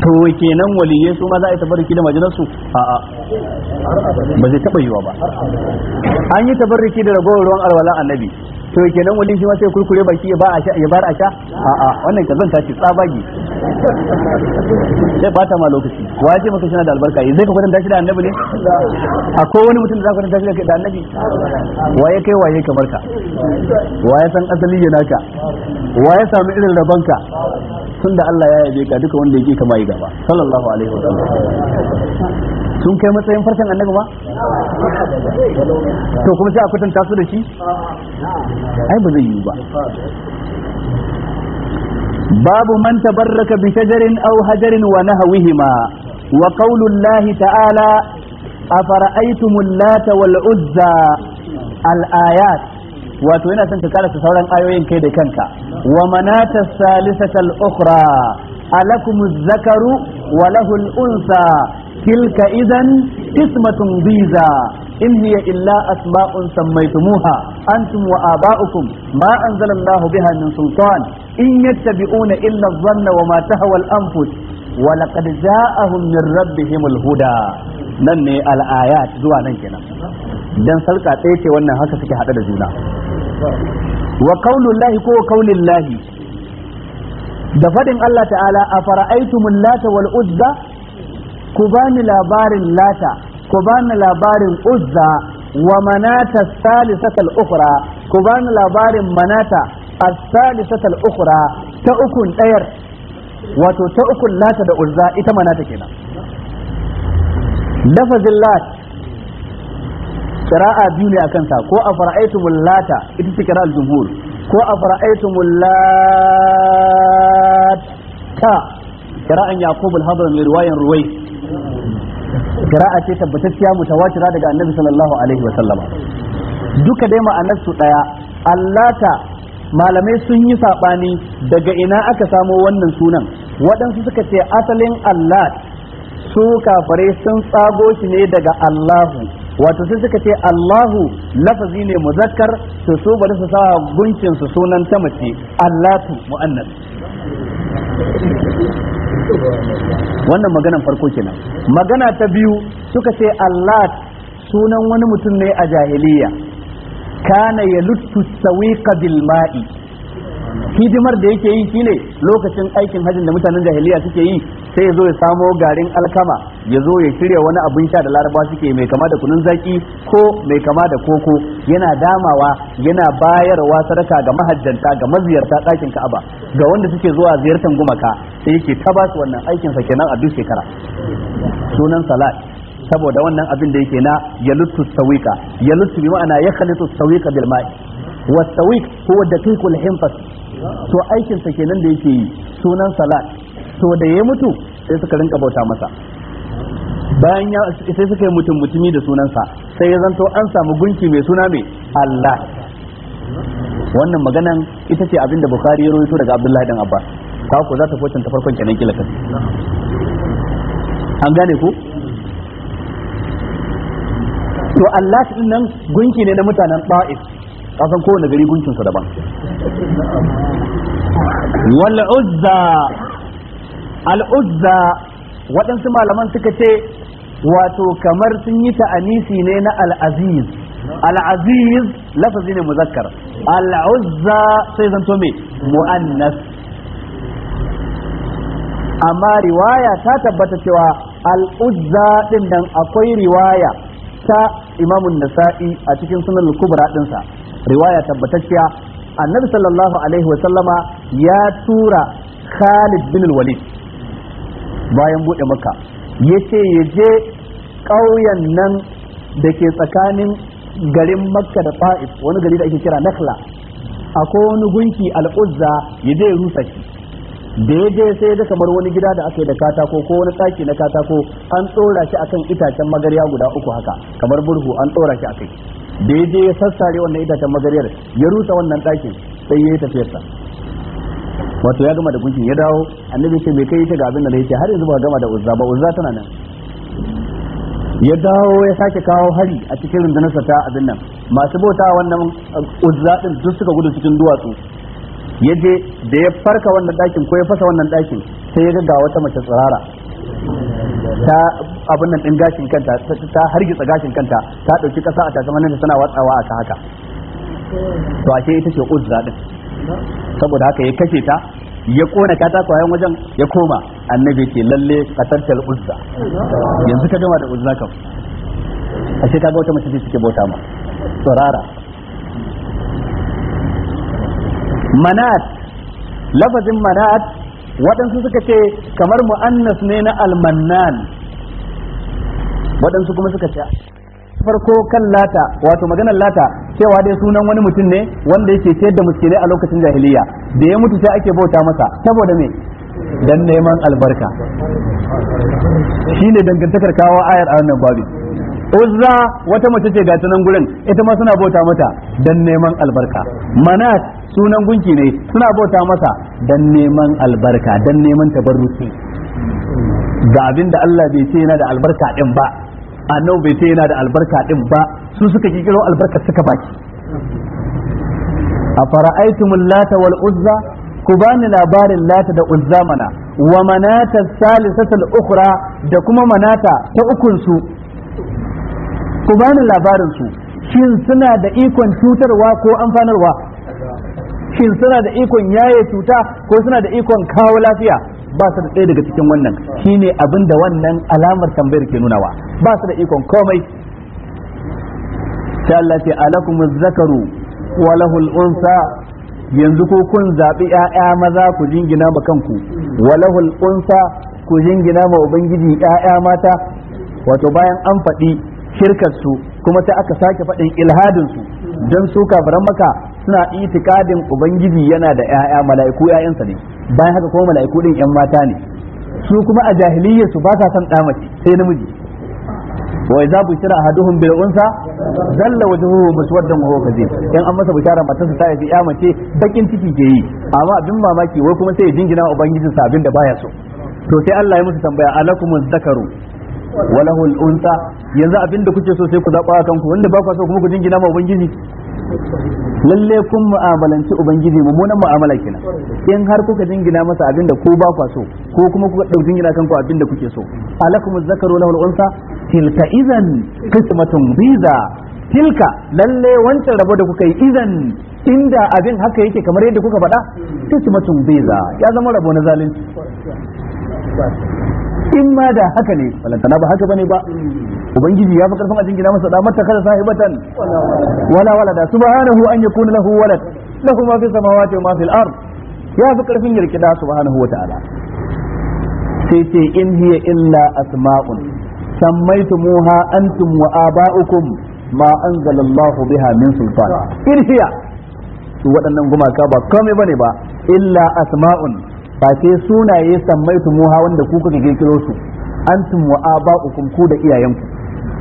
to kenan waliyai su ma za a yi tabarriki da a a'a ba zai taba yiwa ba an yi tabarriki da ragowar ruwan alwala annabi to kenan wani shi ma sai kurkure baki ya ba a sha ya bar a sha a a wannan kazan ta ce tsabagi sai bata ma lokaci wa ce maka shi da albarka yanzu ka kwatanta shi da annabi ne akwai wani mutum da za ka kwatanta shi da annabi waye kai waye kamar ka waye san asali ya naka waye samu irin rabanka tunda Allah ya yabe ka duka wanda yake kama yi gaba sallallahu alaihi wasallam sun kai matsayin farkon annabi ba to kuma sai a kwatanta su da shi ai ba zai yi ba babu man tabarraka bi shajarin aw hajarin wa nahwihima wa qawlu ta'ala afara'aytumul lata wal uzza al ayat wato yana son ka karanta sauran ayoyin kai da kanka wa manata salisatal ukhra alakumuz zakaru wa lahul unsa tilka idan qismatun biza إن هي إلا أسماء سميتموها أنتم وآباؤكم ما أنزل الله بها من سلطان إن يتبعون إلا الظن وما تهوى الأنفس ولقد جاءهم من ربهم الهدى nan ne al'ayat zuwa nan kenan dan sarka tsaye ce wannan haka suke hada da juna wa qaulullahi ko qaulillahi da faɗin Allah ta'ala a afara'aytumul lata wal uzza ku bani labarin lata ku bani labarin uzza wa manata salisata al-ukhra ku bani labarin manata salisata al-ukhra ta ukun dayar wato ta ukun lata da uzza ita manata kenan lafazin lat qira'a biyu ne akan sa ko afara'aytumul lata ita ce qira'al jumhur ko afara'aytumul lat ta qira'an yaqub al-hadrami riwayan ruwai qira'a ce tabbatacciya mutawatira daga annabi sallallahu alaihi wa sallama duka dai ma'anar su daya allata malamai sun yi sabani daga ina aka samo wannan sunan waɗansu suka ce asalin allat su kafare sun tsago shi ne daga allahu wato sai suka ce allahu lafazi ne muzakkar su su bari su sa gunkin su sunan ta mace allatu mu'annas wannan maganan farko kenan magana ta biyu suka ce allat sunan wani mutum ne a jahiliya kana ya luttu sawiqa bil ma'i hidimar da yake yi shine lokacin aikin hajjin da mutanen jahiliya suke yi sai ya zo ya samo garin alkama ya zo ya shirya wani abin sha da laraba suke mai kama da kunun zaki ko mai kama da koko yana damawa yana bayarwa sadaka ga mahajjanta ga maziyarta ɗakin ka'aba ga wanda suke zuwa ziyartar gumaka sai yake ta ba su wannan aikin sa kenan a duk shekara sunan salat saboda wannan abin da yake na yalutu sawika yalutu bi ma'ana ya khalitu sawika bil ma'i wa sawik huwa dakiqul himfas to aikin sa kenan da yake yi sunan salat to da ya mutu sai suka rinka bauta masa bayan ya sai suka yi mutum mutumi da sunansa sai ya zanto an samu gunki mai suna mai Allah wannan maganan ita ce abinda Bukhari ya rawaito daga Abdullahi dan Abbas ka ku za ta focin ta farkon kenan kila kan an gane ku to Allah din nan gunki ne na mutanen Ta'if kasan kowane gari gunkinsa daban wal uzza al'uzza waɗansu malaman suka ce wato kamar sun yi ta'anisi ne na al'aziz al'aziz lafazi ne muzakkar al'uzza sai zanto me mu'annas amma riwaya ta tabbata cewa al'uzza din nan akwai riwaya ta imamun nasa'i a cikin sunan kubra ɗinsa, riwaya tabbatacciya annabi sallallahu alaihi wa sallama ya tura khalid bin walid bayan buɗe maka ya ce ya je ƙauyen nan da ke tsakanin garin makka da ta'if wani gari da ake kira nakhla akwai wani gunki al'uzza ya je ya rusa shi da ya je sai kamar wani gida da aka yi da katako ko wani tsaki na katako an tsora shi akan itacen magarya guda uku haka kamar burhu an tsora shi akai da ya je ya sassare wannan itacen magaryar ya rusa wannan ɗakin sai ya yi tafiyarsa wato ya gama da gunkin ya dawo annabi ce mai kai ta ga abin da yake har yanzu ba gama da uzza ba uzza tana nan ya dawo ya sake kawo hari a cikin rundunarsa ta abin nan masu bauta wannan uh, uzza din duk suka gudu cikin duwatsu ya je da ya farka wannan dakin ko ya fasa wannan dakin sai ya ga wata mace tsirara ta abin nan din gashin kanta ta hargitsa gashin kanta ta dauki kasa a da tana watsawa a haka to ashe ita ce uzza din saboda haka ya kashe ta ya kona kwayan wajen ya koma annabi ke lalle katartar uzza yanzu ka gama da uzza kam a ce bauta wata mace ce suke bauta ma tsorara manat lafazin manat waɗansu suka ce kamar mu'annas ne na almannan waɗansu kuma suka ce farko kan lata wato maganar lata cewa dai sunan wani mutum ne wanda yake ciyar da muskilai a lokacin jahiliya da ya mutu sai ake bauta masa saboda me dan neman albarka shine dangantakar kawo ayar a wannan babu uzza wata mace ce ga tunan gurin ita ma suna bauta mata dan neman albarka manat sunan gunki ne suna bauta masa dan neman albarka dan neman tabarruki ga abin da Allah bai ce yana da albarka din ba annabi bai ce yana da albarka din ba su suka kikiro albarka suka baki a fara'aitumul lata wal uzza ku bani labarin lata da uzza mana wa manata salisatul ukhra da kuma manata ta ukunsu. ku bani labarin su shin suna da ikon cutarwa ko amfanarwa shin suna da ikon yaye cuta ko suna da ikon kawo lafiya ba su da ɗaya daga cikin wannan shine abin da wannan alamar tambayar ke nunawa ba su da ikon komai sai Allah ce zakaru wa unsa yanzu ko kun zaɓi 'ya'ya maza ku jingina ma kanku walahul unsa ku jingina ma ubangiji 'ya'ya mata wato bayan an faɗi shirkarsu kuma ta aka sake faɗin ilhadinsu don suka su kafiran maka suna itikadin ubangiji yana da 'ya'ya mala'iku yayansa ne bayan haka kuma mala'iku din yan mata ne su kuma a jahiliyyar su ba sa san da mace sai namiji wa idza bushira ahaduhum bil unsa zalla wajhuhu muswaddan wa huwa kadhib in an masa bushara matar sa ta yi ya mace bakin ciki ke yi amma abin mamaki wai kuma sai ya jingina ubangijin sa abin da baya so to sai Allah ya musu tambaya alakumuz zakaru wa lahul unsa yanzu abin da kuke so sai ku zaba kanku wanda ba ku so kuma ku jingina ma ubangiji lalle kun mu'amalanci ubangiji mu mummunan mu'amala kenan in har kuka jingina masa abin da ku ba ku so ko kuma kuka dauki jingina kanku abin da kuke so alakum zakaru al unsa tilka idan qismatun biza tilka lalle wancan rabo da kuka yi idan inda abin haka yake kamar yadda kuka faɗa qismatun biza ya zama rabo na zalunci in ma da haka ne balantana ba haka bane ba ubangiji ya fi karfin a jingina masa da mata kada sahibatan wala wala su subhanahu an yakuna lahu walad lahu ma fi samawati wa ma fil ard ya fi karfin yarkida subhanahu wa ta'ala sai ce in hiya illa asma'un sammaytumuha antum wa aba'ukum ma anzalallahu biha min sultan in hiya waɗannan gumaka ba komai bane ba illa asma'un ba sai sunaye sammaytumuha wanda ku kuka kirkiro su antum wa aba'ukum ku da iyayenku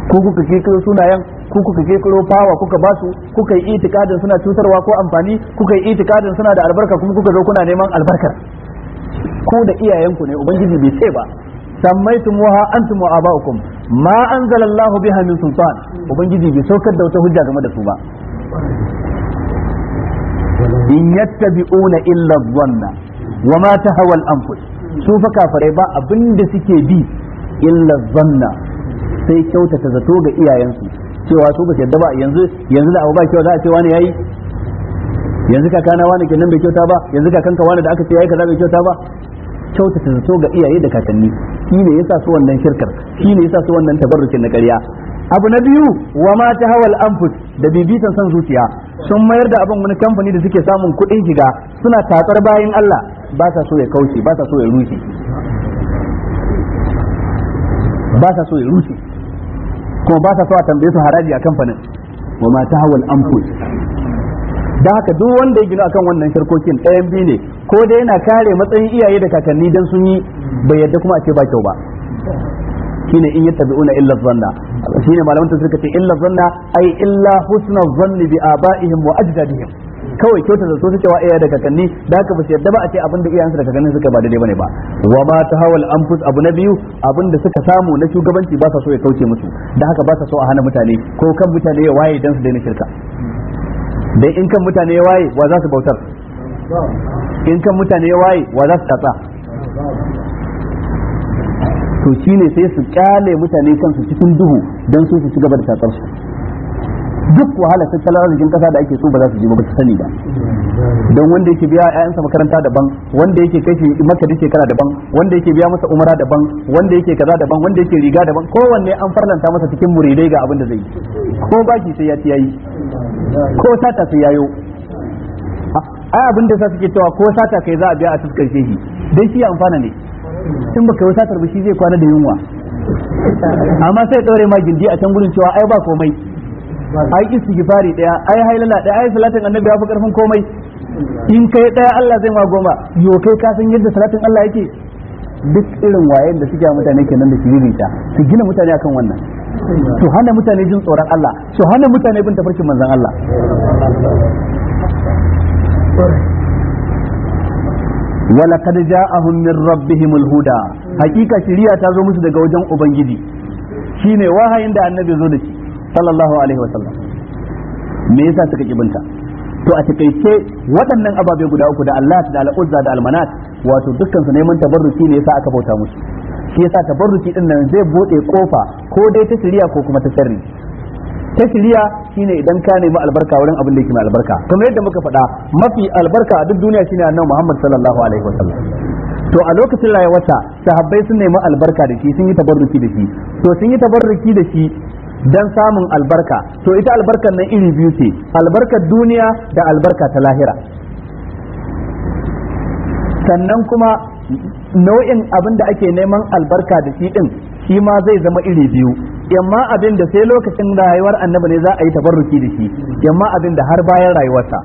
ko kuka kekiro sunayen ko kuka kekiro fawa kuka basu kuka yi itikadin suna cutarwa ko amfani kuka yi itikadin suna da albarka kuma kuka zo kuna neman albarkar ko da iyayenku ne ubangiji bai ce ba sammaitumuha antum wa aba'ukum ma anzalallahu biha min sultan ubangiji bai saukar da wata hujja game da su ba in yattabi'una illa dhanna wa ma tahawa al-anfus su fa kafare ba abinda suke bi illa dhanna sai kyautata zato ga iyayensu cewa su ba su yadda ba yanzu yanzu da abu ba kyau za a ce wani yayi yanzu kakana wani kenan bai kyauta ba yanzu ka kanka wani da aka ce yayi kaza bai kyauta ba kyautata zato ga iyaye da kakanni shi ne yasa su wannan shirkar shi ne yasa su wannan tabarrukin na ƙarya abu na biyu wa ma ta hawal anfus da bibitan san zuciya sun mayar da abin wani kamfani da suke samun kuɗin shiga suna tatsar bayan Allah ba sa so ya kauce ba sa so ya rushe ba sa so ya rushe kuma ba sa so a tambaye su haraji a kamfanin wa ma hawan anfus da haka duk wanda ya gina akan wannan sharkokin ɗayan biyu ne ko dai yana kare matsayin iyaye da kakanni don sun yi bai yadda kuma a ce ba kyau ba shine in yattabi'una illa zanna shine malaman tafsir kace illa zanna ai illa husna zanni bi abaihim wa ajdadihim kawai kyautar da su cewa iyaye da kakanni da haka ba su yadda ba a ce abin da iyayensu da kakanni suka ba daidai bane ba wa ma hawal anfus abu na biyu abin da suka samu na shugabanci ba sa so ya kauce musu da haka ba sa so a hana mutane ko kan mutane ya waye dan su daina shirka dai in kan mutane ya waye wa za su bautar in kan mutane ya waye wa za su tatsa to shine sai su kyale mutane kansu cikin duhu dan su su ci gaba da tatsar su duk wahala tattalin arzikin kasa da ake so ba za su ji ba su sani ba don wanda yake biya ƴaƴansa makaranta daban wanda yake kai maka da shekara daban wanda yake biya masa umara daban wanda yake kaza daban wanda yake riga daban kowanne an farlanta masa cikin muridai ga abin da zai yi ko baki sai ya ci yayi ko sata sai yayo ai abin da sa suke cewa ko sata kai za a biya a fuskar shehi dan shi amfana ne tun baka yi satar ba shi zai kwana da yunwa amma sai ya ɗaure ma gindi a can gurin cewa ai ba komai ai istighfari daya ai hailala daya ai salatin annabi ya fi karfin komai in kai daya Allah zai ma goma yo kai ka san yadda salatin Allah yake duk irin wayen da suke mutane kenan da ta su gina mutane akan wannan to hana mutane jin tsoron Allah to hana mutane bin tafarkin manzon Allah ولقد جاءهم من ربهم الهدى حقيقة شريعة تازو musu daga wajen ubangiji shine wahayin da annabi zo da shi sallallahu alaihi sallam. me yasa suka kibinta to a takaice waɗannan ababe guda uku da Allah da al-Uzza da al wato dukkan su neman tabarruki ne yasa aka bauta musu shi yasa tabarruki din nan zai bude kofa ko dai ta shiriya ko kuma ta sharri ta shiriya shine idan ka nemi albarka wurin abin da yake mai albarka kuma yadda muka faɗa mafi albarka a duk duniya shine annabi Muhammad sallallahu alaihi sallam. to a lokacin rayuwarsa sahabbai sun nemi albarka da shi sun yi tabarruki da shi to sun yi tabarruki da shi dan samun albarka to ita albarkar nan iri biyu ce albarkar duniya da albarka ta lahira sannan kuma nau'in abin da ake neman albarka da shi din shi ma zai zama iri biyu yamma abin da sai lokacin rayuwar annabi ne za a yi tabarruki da shi yamma abin da har bayan rayuwarsa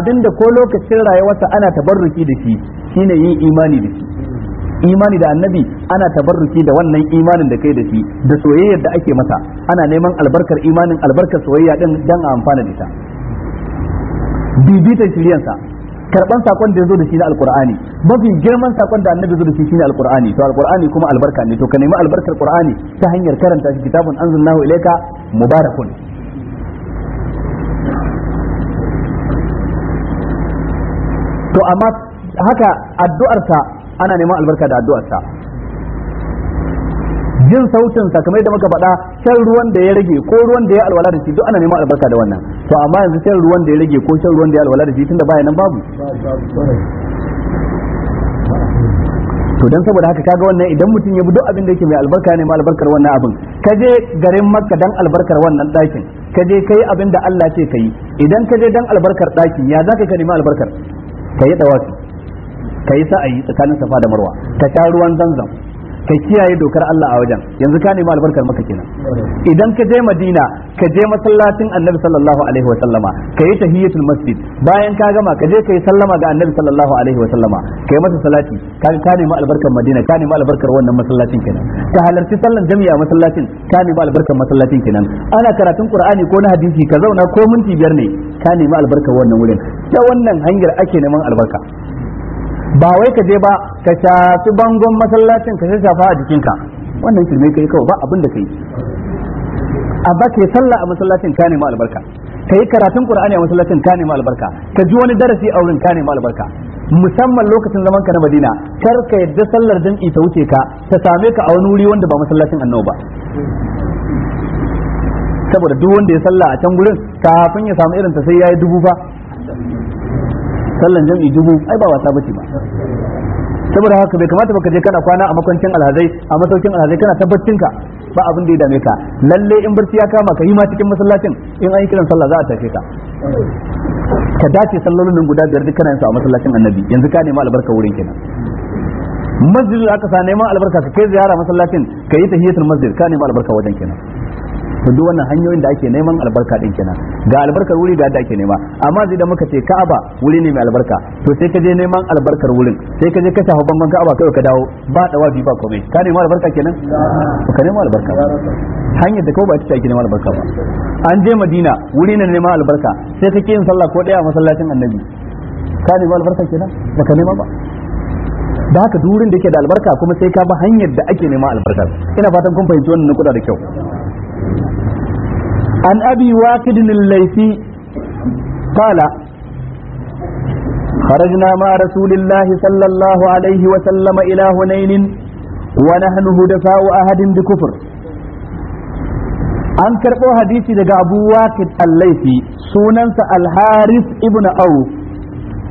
abin da ko lokacin rayuwarsa ana tabarruki da shi shine yin imani da shi imani da annabi ana tabarruki da wannan imanin da kai da shi da soyayya da ake masa ana neman albarkar imanin albarkar soyayya din dan a amfana da ita bibitan shiryansa karban sakon da yazo da shi na alqur'ani mafi girman sakon da annabi zo da shi shine alqur'ani to alqur'ani kuma albarka ne to ka nemi albarkar qur'ani ta hanyar karanta shi kitabun anzalnahu ilayka mubarakun to amma haka addu'arsa ana neman albarka da addu'arsa jin sautin sa kamar da muka faɗa shan ruwan da ya rage ko ruwan da ya alwala da shi duk ana neman albarka da wannan to amma yanzu shan ruwan da ya rage ko shan ruwan da ya alwala da shi tunda baya nan babu to dan saboda haka kaga wannan idan mutum ya bi duk abin da yake mai albarka ne mai albarkar wannan abin ka je garin makka dan albarkar wannan ɗakin ka je kai abin da Allah ce kai idan ka je dan albarkar ɗakin, ya zaka ka nemi albarkar ka yi ka yi sa'ayi tsakanin safa da marwa ka sha ruwan zanzam ka kiyaye dokar Allah a wajen yanzu ka nemi albarkar maka kenan idan ka je Madina ka je masallacin Annabi sallallahu alaihi wa sallama ka yi tahiyatul masjid bayan ka gama ka je ka sallama ga Annabi sallallahu alaihi wa sallama ka masa salati ka ka nemi albarkar Madina ka nemi albarkar wannan masallacin kenan ka halarci sallan jami'a masallacin ka nemi albarkar masallacin kenan ana karatun Qur'ani ko na hadisi ka zauna ko minti biyar ne ka nemi albarkar wannan wurin ta wannan hanyar ake neman albarka ba wai ka je ba ka shafi bangon masallacin ka shafa a jikinka wannan shirme kai kawai ba abin da kai a ba ka sallah a masallacin ka nema albarka ka yi karatun qur'ani a masallacin ka nema albarka ka ji wani darasi a wurin ka nema albarka musamman lokacin zaman ka na Madina kar ka yadda sallar jam'i ta wuce ka ta same ka a wani wuri wanda ba masallacin annabi ba saboda duk wanda ya sallah a can gurin kafin ya samu irin ta sai yi dubu fa sallan jam'i dubu ai ba wasa bace ba saboda haka bai kamata baka je kana kwana a makwancin alhazai a masaukin alhazai kana tabbacin ka ba abin da ya dame ka lalle in barci ya kama ka yi ma cikin masallacin in an yi kiran sallah za a tafe ka ka dace sallolin nan guda biyar duk kana yin su a masallacin annabi yanzu ka nema albarka wurin kenan aka sa neman albarka ka kai ziyara masallacin ka yi tahiyatul masjid ka nema albarka wajen kenan to duk wannan hanyoyin da ake neman albarka din kenan ga albarkar wuri ga da ake nema amma zai da muka ce Ka'aba wuri ne mai albarka to sai ka je neman albarkar wurin sai ka je ka tafi banban Ka'aba kai ka dawo ba dawafi ba komai ka nema albarka kenan ka nema albarka hanyar da kawai ba ta ake nema albarka ba an je Madina wuri ne nema albarka sai kake yin sallah ko daya a masallacin Annabi ka nema albarka kenan ba ka nema ba da haka durin da yake da albarka kuma sai ka ba hanyar da ake nema albarkar ina fatan kun fahimci wannan nukuda da kyau عن أبي واكد الليثي قال خرجنا مع رسول الله صلى الله عليه وسلم إلى هنين ونحن هدفاء أحد بكفر an karɓo hadisi daga abu waqid al-laifi sunansa Alharis haris ibn au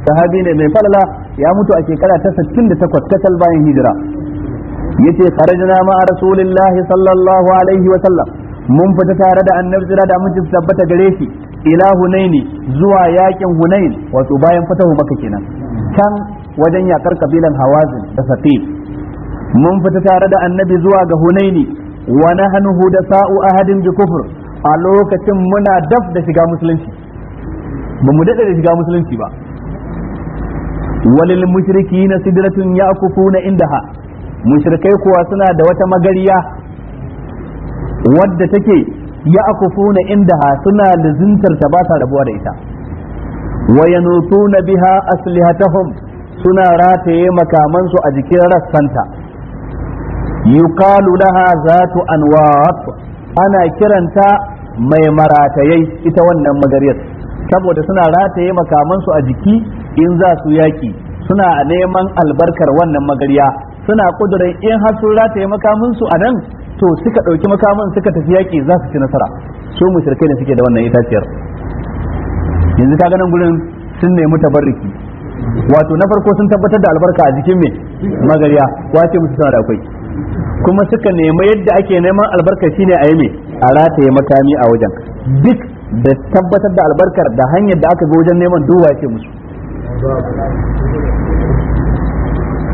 sahabi ne mai falala ya mutu a shekara ta 68 kacal bayan hijira yace kharajna ma'a rasulillahi sallallahu alaihi wa sallam mun fita tare da annabi tsira da mun tabbata gare shi ila hunaini zuwa yakin hunain wato bayan fatahu maka kenan can wajen yakar kabilan hawazin da safi mun fita tare da annabi zuwa ga hunaini wa nahnu sa'u ahadin bi kufr a lokacin muna daf da shiga musulunci ba mu dade da shiga musulunci ba walil mushrikina sidratun yakufuna indaha mushrikai kuwa suna da wata magariya wadda take ya akufuna indaha suna lizintar ta ba sa rabuwa da ita wa yanutuna biha aslihatahum suna rataye makaman a jikin rassanta yuqalu laha zatu Anwar, ana kiranta mai maratayai ita wannan magariyar saboda suna rataye makamansu a jiki in za su yaki suna neman albarkar wannan magariya suna kudurin in har sun rataye makamansu a nan to suka ɗauki makaman suka tafi yaƙi za su ci nasara su mushrikai ne suke da wannan itaciyar yanzu ka ganin gurin sun nemi tabarriki wato na farko sun tabbatar da albarka a jikin mai magariya wace musu suna da akwai kuma suka nemi yadda ake neman albarka shine a yi mai a rataye makami a wajen duk da tabbatar da albarkar da hanyar da aka bi wajen neman duwa ce musu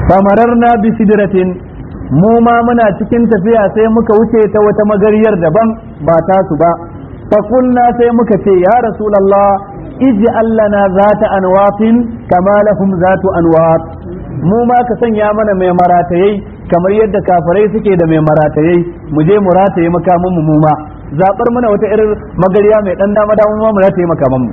famararna bi sidratin mu ma muna cikin tafiya sai muka wuce ta wata magariyar daban ba ta su ba fakunna sai muka ce ya rasulullah ij'al lana zata anwafin kama lahum zatu anwaf mu ma ka sanya mana mai maratayai kamar yadda kafarai suke da mai maratayai mu je mu rataye makamin mu ma zabar mana wata irin magariya mai dan dama da mu mu rataye makamin mu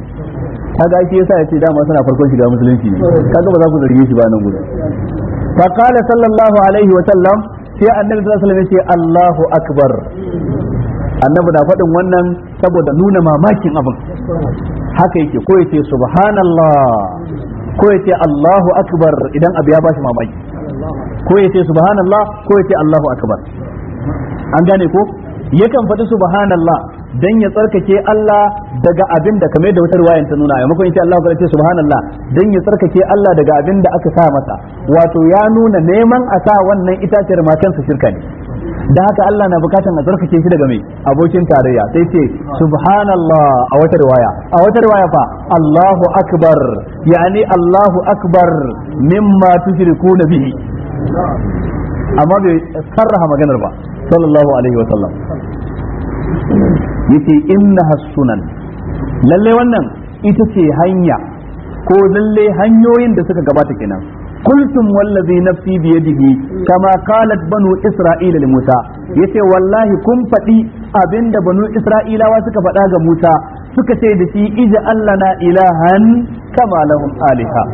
kaga yasa yace dama suna farkon shiga musulunci ne kaga ba za ku zarge shi ba nan gudu fa qala sallallahu alaihi wa sallam sai annabi sallallahu alaihi wasallam ya Allahu akbar annabi na faɗin wannan saboda nuna mamakin abin haka yake ko yace subhanallah ko yace Allahu akbar idan abu ya bashi mamaki ko yace subhanallah ko yace Allahu akbar an gane ko yakan faɗi subhanallah dan ya tsarkake Allah daga abin da kamar da wutar wayan ta nuna ya makon yace Allah ba ce subhanallah dan ya tsarkake Allah daga abin da aka sa masa wato ya nuna neman a sa wannan itaciyar matan su shirka ne da haka Allah na bukatan a tsarkake shi daga mai abokin tarayya sai ce subhanallah a wata riwaya a wata riwaya fa Allahu akbar yani Allahu akbar mimma tushriku bihi amma bai sarraha maganar ba sallallahu alaihi wa sallam yace inna hasunan lalle wannan ita ce hanya ko lalle hanyoyin da suka gabata kenan kultum wallazi nafsi biyadihi kama qalat banu isra'ila li musa yace wallahi kun faɗi abinda banu isra'ilawa suka faɗa ga musa suka ce da shi ija allana ilahan kama lahum aliha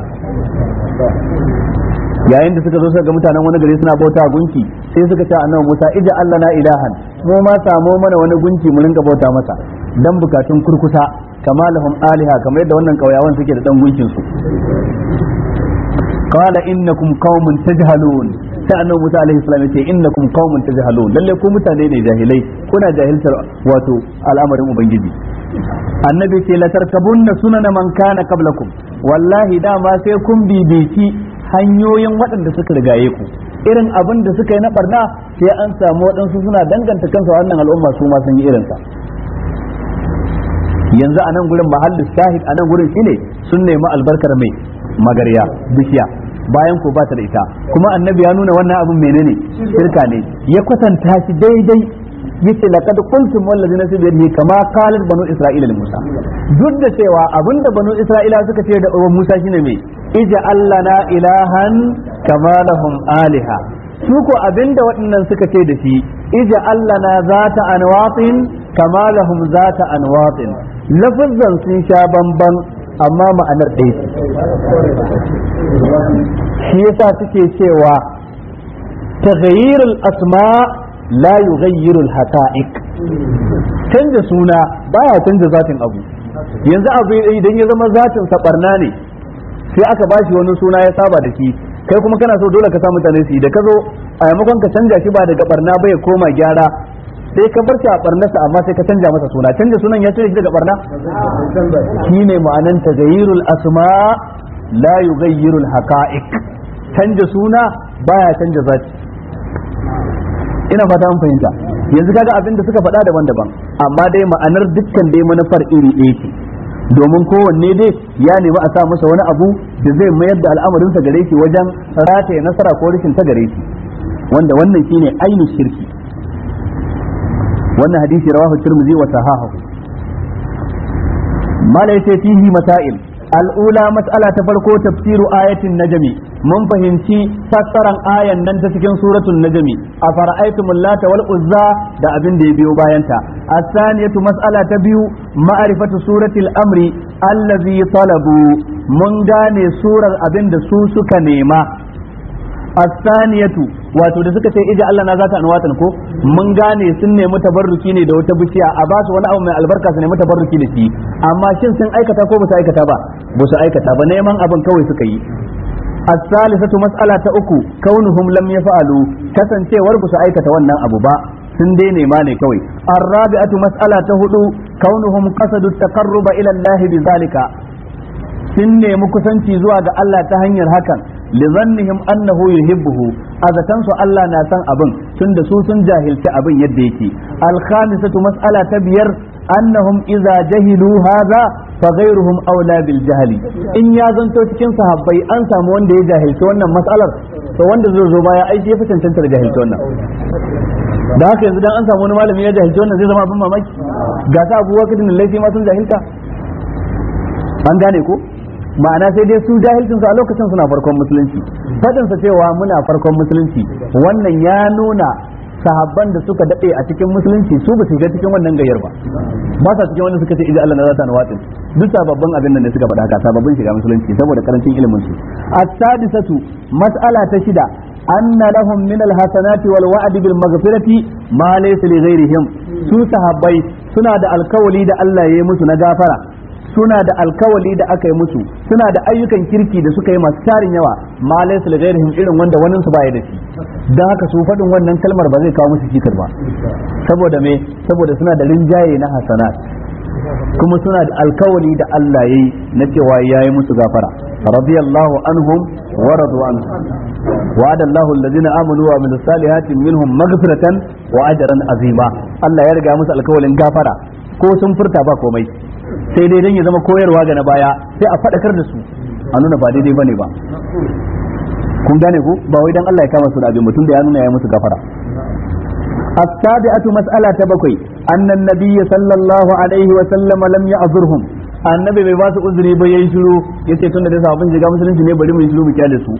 yayin da suka zo suka ga mutanen wani gari suna bauta gunki sai suka ce annabi musa ija allana ilahan mu ma samu mana wani gunki mu rinka bauta masa dan bukatun kurkusa kama aliha kamar yadda wannan kauyawan suke da dan gunkin su qala innakum qaumun tajhalun sai annabi Musa alaihi salam yace innakum qaumun tajhalun lalle ku mutane ne jahilai kuna jahiltar wato al'amarin ubangiji annabi ce la tarkabunna sunana man kana qablakum wallahi dama sai kun bibici hanyoyin waɗanda suka rigaye ku irin abin da suka yi na barna sai an samu waɗansu suna danganta kansa wannan al'umma su ma sun yi irinsa yanzu a nan gurin mahallin shahid a nan gurin ne sun nemi albarkar mai magariya bishiya bayan ko ba ta da ita kuma annabi ya nuna wannan abin menene shirka ne ya kwatanta shi daidai yace laqad qultum wal ladina fi yadihi kama qalat banu isra'ila li musa duk da cewa abinda banu isra'ila suka ce da Musa shine mai ij'al lana ilahan kama lahum aliha su ko abinda waɗannan suka ce da shi ij'al lana zata anwatin kama lahum zata anwatin lafazzan sun sha bamban amma ma'anar ɗaya shi yasa suke cewa taghayyirul asma' la yughayyiru al canza suna baya canza zatin abu yanzu abu idan ya zama zatin sa ne sai aka ba shi wani suna ya saba da shi kai kuma kana so dole ka sa mutane su yi da ka zo a yamakon ka canja shi ba daga barna ba ya koma gyara sai ka bar a barnarsa amma sai ka canja masa suna canja sunan ya cire shi daga barna ne ma'anan tagayyirul asma la yughayyirul haqa'iq canja suna baya canja zati ina fata an fahimta yanzu kaga abinda suka faɗa daban-daban amma dai ma'anar dukkan dai manufar iri ɗaya ce domin kowanne dai ya nemi a sa masa wani abu da zai mayar da al'amarinsa gare shi wajen rataye nasara ko rashin ta gare shi wanda wannan shine ainihin shirki wannan hadisi rawahu tirmidhi wa sahahahu mala sai fihi masail al'ula mas'ala ta farko tafsiru ayatin najami mun fahimci fassaran ayan nan ta cikin suratun najami a fara'aitumul lata wal uzza da abin da ya biyo bayanta a saniyatu mas'ala ta biyu ma'arifatu suratul amri allazi talabu mun gane surar abin da su suka nema asaniyatu wato da suka ce ija Allah na zata anwatan ko mun gane sun nemi tabarruki ne da wata bishiya a ba su wani abu mai albarka su nemi tabarruki da shi amma shin sun aikata ko ba su aikata ba ba su aikata ba neman abin kawai suka yi asalisatu mas'ala ta uku kaunuhum lam yaf'alu kasancewar ba su aikata wannan abu ba sun dai nema ne kawai ar mas'ala ta hudu kaunuhum qasadu at-taqarruba ila Allah bi zalika sun nemi kusanci zuwa ga Allah ta hanyar hakan li zannihim annahu yuhibbuhu azatan su Allah na san abin tunda su sun jahilci abin yadda yake al khamisatu mas'ala ta biyar annahum idza jahilu hadha fa ghayruhum awla bil jahli in ya zanto cikin sahabbai an samu wanda ya jahilci wannan mas'alar to wanda zai zo baya ai ya fi cancanta da jahilci wannan da haka yanzu dan an samu wani malami ya jahilci wannan zai zama abin mamaki ga ta abubuwa kadin laifi ma sun jahilta an gane ko ma'ana sai dai su jahilcin su a lokacin suna farkon musulunci fadin sa cewa muna farkon musulunci wannan ya nuna sahabban da suka dade a cikin musulunci su ba su shiga cikin wannan gayyar ba ba sa cikin wannan suka ce idan Allah na zata na watin duk sababbin abin nan da suka faɗa haka sababbin shiga musulunci saboda karancin ilimin su as-sadisatu mas'ala ta shida anna lahum min al-hasanati wal wa'di bil maghfirati ma laysa li ghayrihim su sahabbai suna da alkawali da Allah ya yi musu na gafara suna da alkawali da aka yi musu suna da ayyukan kirki da suka yi masu tarin yawa ma laysa li hin irin wanda wani su baya da shi dan haka su faɗin wannan kalmar ba zai kawo musu cikar ba saboda me saboda suna da rinjaye na hasanat kuma suna da alkawali da Allah yayi na cewa yayi musu gafara radiyallahu anhum wa radu anhu amanu wa amilus salihati minhum maghfiratan wa azima azima ya ya riga musu alkawalin gafara ko sun furta ba komai sai dai dan ya zama koyarwa ga na baya sai a faɗakar da su a nuna ba daidai bane ba kun gane ku? ba wai dan Allah ya kama su da abin mutum da ya nuna ya musu gafara ta bakwai. Annan أن النبي sallallahu alaihi عليه وسلم لم يعذرهم annabi bai ba su uzuri ba yayin shiru yace tunda da sabon shiga musulunci ne bari mu yi shiru mu kyale su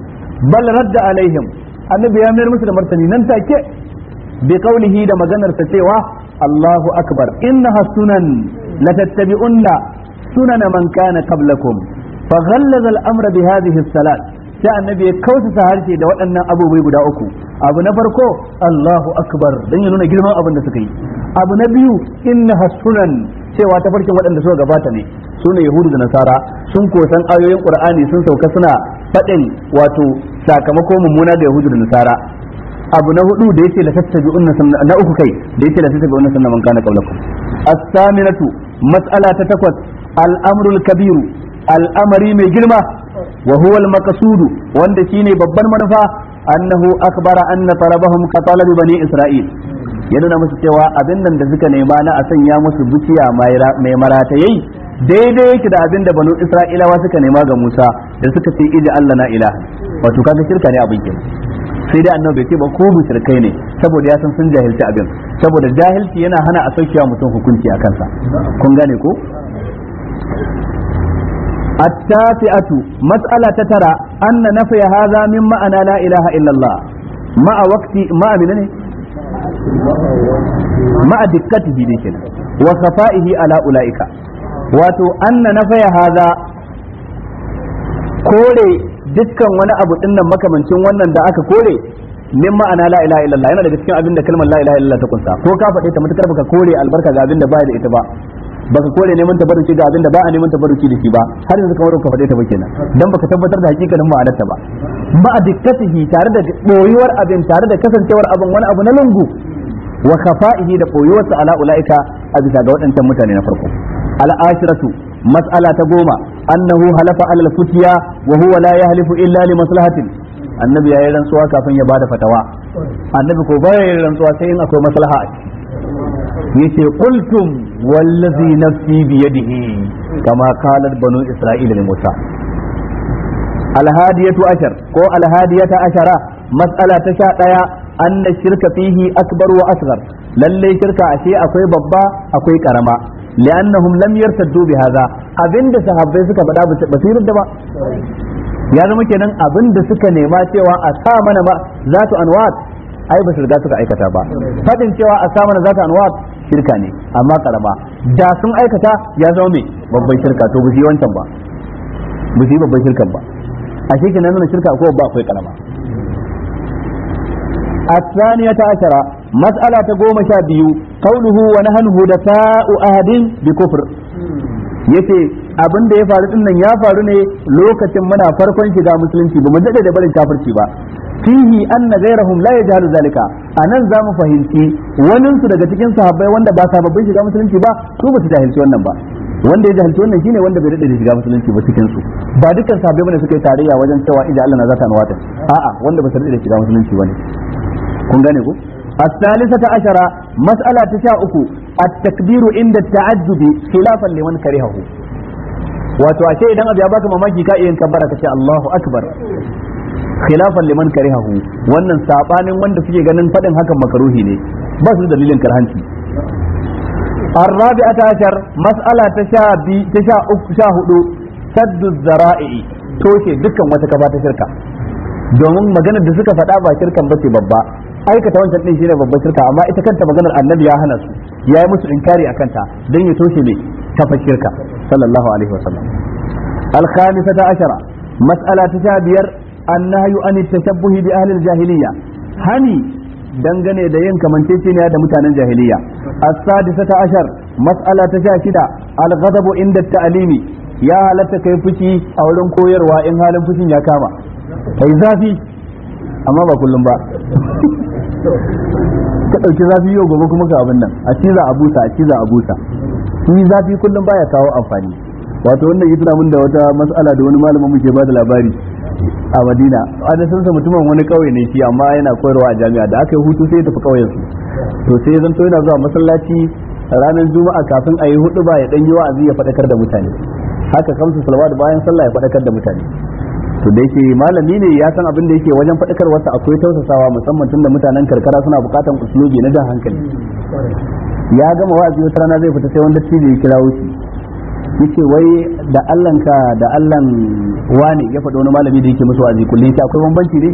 bal radda alaihim annabi ya mayar musu da martani nan take bi qawlihi da maganar sa cewa Allahu akbar Inna sunan لتتبعن سنن من كان قبلكم فغلظ الامر بهذه الصلاه sai annabi ya kausa harshe da waɗannan abubuwa guda uku abu na farko Allahu akbar dan ya nuna girman abin da suka yi abu na biyu inna hasunan cewa ta farkin waɗanda suka gabata ne su ne yahudu da nasara sun kosan ayoyin qur'ani sun sauka suna faɗin wato sakamako mummuna ga yahudu da nasara abu na hudu da yace la tattabi'unna na uku kai da yace la tattabi'unna sunna man kana qablakum as-saminatu matsala ta takwas al'amrul kabiru al'amari mai girma wa huwa al-maqsudu wanda shine babban manufa annahu akbara anna talabahum ka talabi bani isra'il ya nuna musu cewa abin nan da suka nema na a sanya musu bukiya mai maratayai daidai yake da abin da banu isra'ilawa suka nema ga musa da suka ce ija allah na ila wato kaga shirka ne abin kenan sai dai annabi bai ce ba ko mushrikai ne saboda ya san sun jahilci abin saboda jahilci yana hana a sauke wa mutum hukunci a kansa kun gane ko at-tasi'atu mas'ala ta tara anna nafya hadha min ma'ana la ilaha illa illallah ma'a waqti ma'a minne ma'a dikkatihi dai kenan wa safa'ihi ala ulaika wato anna nafya hadha kore dukkan wani abu nan makamancin wannan da aka kore min ma'ana la ilaha illallah yana daga cikin abin da kalmar la ilaha illallah ta kunsa ko ka faɗe ta matakar baka kore albarka ga abin da ba da ita ba baka kore neman tabarruki ga abin da ba a neman tabarruki da shi ba har yanzu kamar ka faɗe ta ba kenan dan baka tabbatar da hakikanin ma'anar ta ba ba a dikkatihi tare da boyuwar abin tare da kasancewar abin wani abu na lungu wa kafa'ihi da boyuwarsa ala ulaika a bisa ga waɗancan mutane na farko al'ashiratu mas'ala ta goma annahu halafa alal futiya wa huwa la yahlifu illa li maslahatin annabi yayi rantsuwa kafin ya bada fatawa annabi ko baya yin rantsuwa sai in akwai maslaha a ciki yace qultum wallazi nafsi biyadihi kama qalat banu isra'ila li musa alhadiyatu ashar ko alhadiyata ashara mas'ala ta sha ɗaya anna shirka fihi akbar wa asghar lallai shirka ashe akwai babba akwai karama li'annahum lam yartaddu bi abinda sahabai suka faɗa ba su yarda ba ya zama kenan abinda suka nema cewa a sa mana ba zatu anwat ai ba su riga suka aikata ba fadin cewa a sa mana zatu anwat shirka ne amma karama da sun aikata ya zama me babban shirka to ba yi wancan ba ba yi babban shirkan ba a shi kenan nuna shirka ko ba akwai karama الثانية عشرة مسألة ta goma sha biyu qauluhu أهد بكفر hudata'u yace abin da ya faru din nan ya faru ne lokacin muna farkon shiga musulunci ba mu da barin kafirci ba fihi anna ghayrahum la yajhalu zalika anan zamu fahimci wanin su daga cikin sahabbai wanda ba sababbin shiga musulunci ba su ba su jahilci wannan ba wanda ya jahilci wannan shine wanda bai dade da shiga musulunci ba cikin su ba dukkan sahabbai bane suka yi tarayya wajen cewa idan Allah na zata nawata a'a wanda ba su dade da shiga musulunci bane kun gane ko الثالثة عشرة مسألة تشاؤك التكبير عند التعجب خلافا لمن كرهه wato ashe idan abu ya baka mamaki ka iya kabbara ka ce Allahu akbar khilafan liman karihahu wannan sabanin wanda suke ganin faɗin hakan makaruhi ne ba su dalilin karhanci الرابعة عشر مسألة تشاء تشاء تشاهد سد الذرائع توشي دكا وتكبات شركة domin maganar da suka faɗa ba ba bace babba aikata wancan din shine babban shirka amma ita kanta maganar annabi ya hana su ya yi musu inkari a kanta dan ya toshe mai kafa shirka sallallahu alaihi wasallam al ta ashara mas'ala ta sha biyar annahyu an tashabbuhi bi ahli al-jahiliya hani dangane da yin kamanceceniya da mutanen jahiliya as ta ashar mas'ala ta sha shida al-ghadabu inda ta'limi ya halatta kai fushi a wurin koyarwa in halin fushin ya kama kai zafi amma ba kullum ba ka ɗauki zafi yau gobe kuma ka abin nan a ciza a busa a ciza a busa shi zafi kullum baya kawo amfani wato wannan ya tuna min da wata mas'ala da wani malamin mu ke ba da labari a Madina ana san sa mutumin wani kauye ne shi amma yana koyarwa a jami'a da aka yi hutu sai ya tafi kauyen su to sai zan to yana zuwa masallaci ranar juma'a kafin a yi hudu ba ya dan yi wa'azi ya faɗakar da mutane haka kamsu salawat bayan sallah ya faɗakar da mutane to da yake malami ne ya san abin da yake wajen wasa akwai tausasawa musamman tunda mutanen karkara suna bukatan uslubi na jan hankali ya gama wa'azi wata rana zai fita sai wanda tv ya kirawo shi yace wai da allan ka da allan wani ya faɗi wani malami da yake musu wazi kullum akwai bambanci ne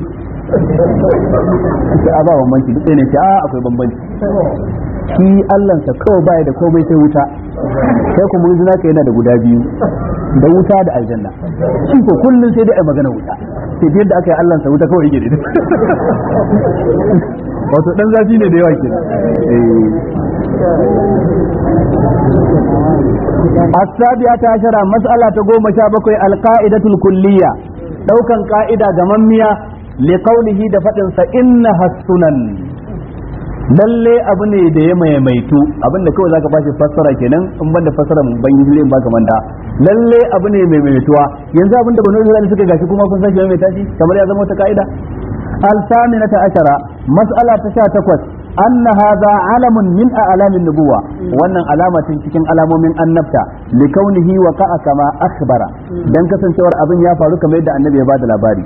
yace a ba bambanci duk ne ce a akwai bambanci shi allan ka kawai baya da komai sai wuta sai kuma yanzu naka yana da guda biyu da wuta da aljanna shi ko kullum sai dai a magana wuta sai yadda aka yi allan sa wuta kawai yake da wato dan zafi ne da yawa kenan eh. السابعة عشرة مسألة تقوم شابك القاعدة الكلية لو كان قاعدة جممية لقوله دفتنس إنها السنن lalle abu ne da ya maimaitu abin da kawai zaka bashi fassara kenan in da fassara mun ban yi ba kaman da lalle abu ne maimaituwa yanzu abin da banu da suka gashi kuma kun san shi maimaita shi kamar ya zama wata kaida al-saminata ashara mas'ala ta 18 anna hadha alamun min a'lamin nubuwa wannan alama ce cikin alamomin annabta likaunihi wa ka'a kama akhbara dan kasancewar abin ya faru kamar yadda annabi ya bada labari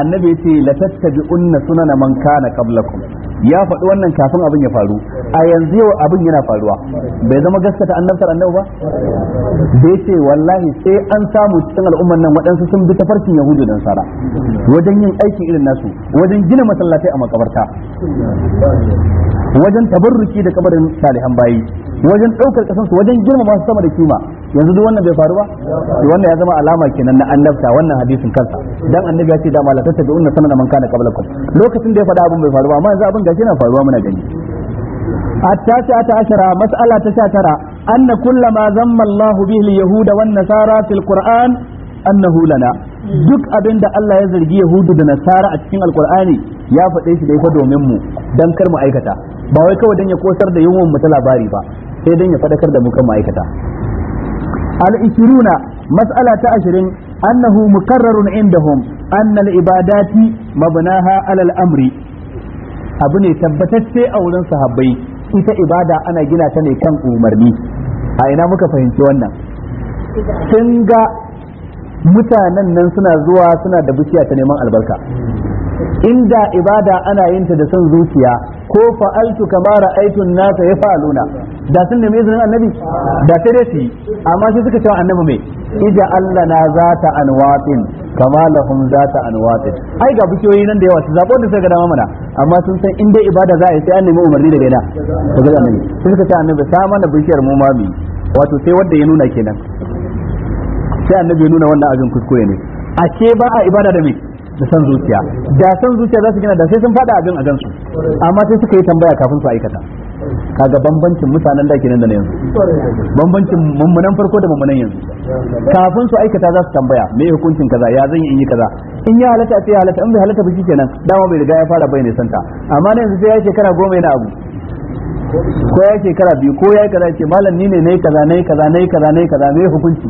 annabi ya ce la tattabi'unna sunana man kana qablakum ya faɗi wannan kafin abin ya faru a yanzu yau abin yana faruwa bai zama gaskata annabtar annabi ba Bai ce wallahi sai an samu cikin al'ummar nan waɗansu sun bi tafarkin yahudu da nasara wajen yin aikin irin nasu wajen gina masallatai a makabarta wajen tabarruki da kabarin salihan bayi wajen ɗaukar kasansu wajen girma masu sama da kima yanzu duk wannan bai faru ba wannan ya zama alama kenan na annabta wannan hadisin kansa dan annabi ya ce da malakat ta unna sama man kana qablakum lokacin da ya faɗa abin bai faru ba amma yanzu abin gashi na faruwa muna gani التاسعة عشرة مسألة تسعة أن كل ما ذم الله به اليهود والنصارى في القرآن أنه لنا duk abin da Allah ya zargi Yahudu da Nasara a cikin Alkur'ani ya faɗe shi da ya domin mu dan kar mu aikata ba wai kawai dan ya kosar da yunwan mu ta labari ba sai dan ya faɗakar da mu kan mu aikata al-20 mas'ala ta ashirin. annahu mukarrarun inda anna Annal ibadati mabnaha ala al-amri abu ne tabbatacce a wurin sahabbai ita ibada ana gina ta ne kan umarni a ina muka fahimci wannan sun mutanen nan suna zuwa suna da bishiya ta neman albarka inda ibada ana yinta da son zuciya ko fa'altu kama ra'aytun nasa yaf'aluna da sun nemi izinin annabi da sai dai su amma sai suka cewa annabi mai ija Allah na zata anwatin kama lahum zata anwatin ai ga bukiyoyi nan da yawa su zabo da sai ga dama mana amma sun san in dai ibada za a yi sai an nemi umarni daga ina daga annabi sai suka ce annabi sa mana bishiyar mu ma wato sai wanda ya nuna kenan sai annabi ya nuna wannan abin kuskure ne a ce ba a ibada da mai da san zuciya da san zuciya za su gina da sai sun fada abin a gansu amma sai suka yi tambaya kafin su aikata kaga bambancin mutanen da kenan da na yanzu bambancin mummunan farko da mummunan yanzu kafin su aikata za su tambaya me hukuncin kaza ya zan yi in yi kaza in ya halatta sai ya halatta in bai halatta ba kenan dama bai riga ya fara bayyana santa amma na yanzu sai ya shekara goma yana abu ko ya shekara biyu ko ya yi kaza ce malam ni ne nayi kaza nayi kaza nayi kaza nayi kaza me hukunci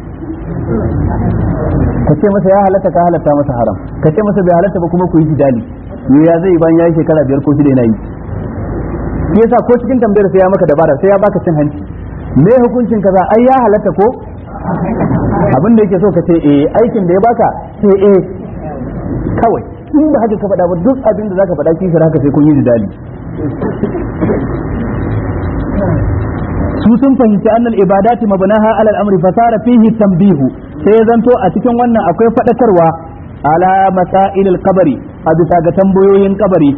ka ce masa ya halatta ka halatta masa haram ka ce masa bai halatta ba kuma ku yi jidali me ya zai ya yi shekara biyar ko shida yana yi shi yasa ko cikin tambayar sai ya maka dabara sai ya baka cin hanci me hukuncin za ai ya halatta ko abin da yake so ka ce eh aikin da ya baka ce eh kawai in ba haka ka faɗa ba duk abin da zaka faɗa kishir haka sai kun yi jidali su sun fahimci annal ibadati mabnaha ala amri fasara fihi tambihu sai ya zanto a cikin wannan akwai faɗakarwa ala al kabari a bisa ga tambayoyin kabari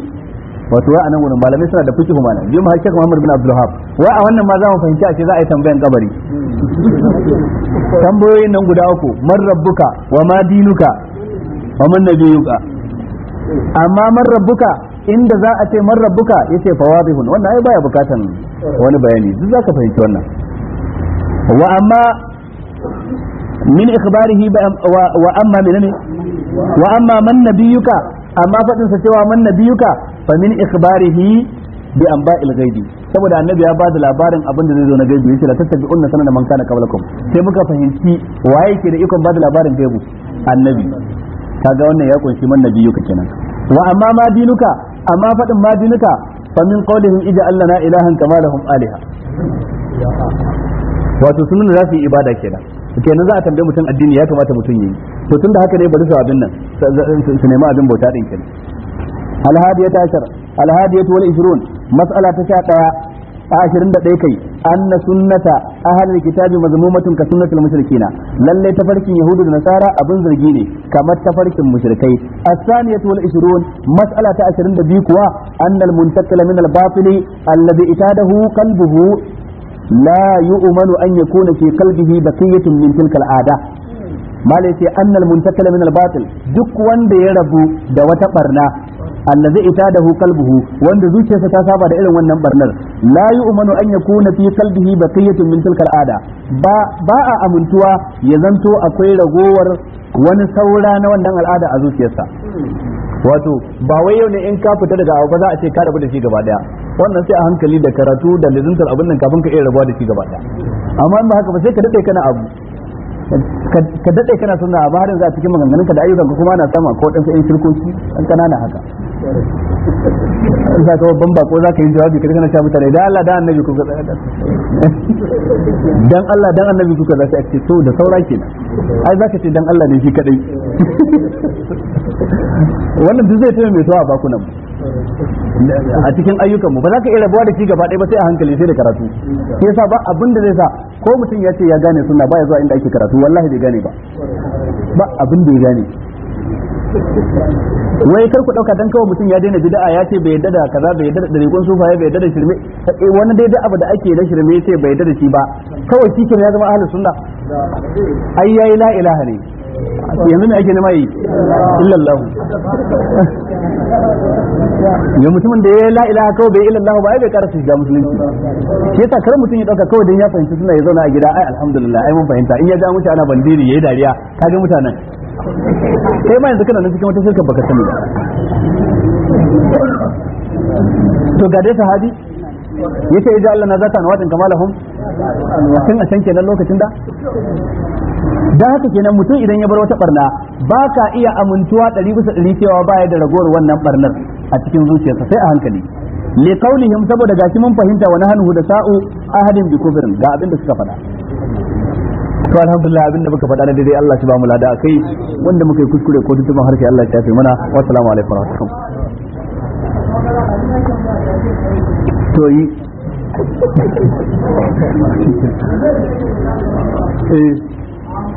wato wa anan wurin malamai suna da fiki kuma nan mu hakika Muhammad bin Abdul Wahab wa a wannan ma za mu fahimci a ce za a yi tambayan kabari tambayoyin nan guda uku man rabbuka wa ma dinuka wa man nabiyuka amma man rabbuka inda za a ce man rabbuka yace fawadihun wannan ai baya bukatan wani bayani duk za ka fahimci wannan wa amma min ikhbarihi wa amma min wa amma man nabiyuka amma fadin sa cewa man nabiyuka fa min ikhbarihi bi anba'il ghaibi saboda annabi ya bada labarin abin da zai zo na gaibi yace la unna sanana man kana qablakum sai muka fahimci waye ke da ikon bada labarin gaibu annabi kaga wannan ya kunshi man nabiyuka kenan wa amma ma dinuka amma fadin ma dinuka fa min qawlihim ija allana ilahan kama lahum aliha wato sunan da za su yi ibada kenan kenan za a tambaye mutum addini ya kamata mutum yayi to tun da haka ne bari sa abin nan su nemi abin bauta din kenan alhadiyata ashar wal mas'ala ta sha daya a ashirin da ɗaya kai an na sunnata halin kitabi mazmumatun ka sunnatul mushrikina lalle tafarkin yahudu da nasara abin zargi ne kamar tafarkin mushrikai as-saniyatu wal 20 mas'ala ta biyu kuwa annal muntakila min al-batili alladhi itadahu qalbuhu la yu'manu an yakuna fi qalbihi baqiyatun min tilka al'ada malai sai annal muntakala min al duk wanda ya rabu da wata ɓarna barna allazi itadahu qalbuhu wanda zuciyarsa ta saba da irin wannan barnar la yu'manu an yakuna fi qalbihi baqiyatun min tilka al'ada ba a amintuwa ya zanto akwai ragowar wani saura na wannan al'ada a zuciyarsa wato ba wai yau ne in ka fita daga abu ba za a ce ka rabu da shi gaba daya wannan sai a hankali da karatu da lizintar abin nan kafin ka iya rabuwa da shi gaba daya amma in ba haka ba sai ka dade kana abu ka dade kana sunna amma har yanzu a cikin maganganun ka da ayyukan ka kuma ana samu ko dan sai shirkoki an kanana haka za ka babban bako za ka yi jawabi ka kana sha mutane da Allah da annabi ku ga dan Allah dan annabi ku ga sai a ce to da saura kenan ai za ka ce dan Allah ne shi kadai wannan duk zai tuna mai tawa nan. a cikin ayyukan mu ba za ka iya rabuwa da shi gaba ɗaya ba sai a hankali sai da karatu sai yasa ba abin da zai sa ko mutum ya ce ya gane suna ba ya zuwa inda ake karatu wallahi bai gane ba ba abin da ya gane wai kar ku dauka dan kawai mutum ya daina bid'a ya ce bai yadda da kaza bai yadda da dariƙun sufaye bai yadda da shirme eh, wani dai da abu da ake na shirme sai bai yadda da shi ba kawai shi ya zama ahlus sunna ai yayi la ilaha ne yanzu me ake nema yi illallah ya mutumin da ya la ilaha kawai bai illallah ba ai bai karasa shiga musulunci shi yasa kar mutum ya dauka kawai dan ya fahimci suna ya zauna a gida ai alhamdulillah ai mun fahimta in ya ga mutane ana bandiri yayi dariya kaga mutanen kai ma yanzu kana nan cikin wata shirka baka sani ba to ga dai sahabi yace idan Allah na zata na wadin kamalahum tun a can kenan lokacin da dan haka kenan mutum idan ya bar wata barna ba ka iya amintuwa ɗari bisa ɗari cewa ya da ragowar wannan barnar a cikin zuciyarsa sai a hankali li qaulihim saboda gashi mun fahimta wa hannu da sa'u ahadin bi kufrin ga abin da suka faɗa to alhamdulillah abin da muka faɗa na daidai Allah shi ba mu lada akai wanda muka yi kuskure ko tuntuban harshe Allah ya tafi mana wa assalamu alaikum wa rahmatullahi to yi eh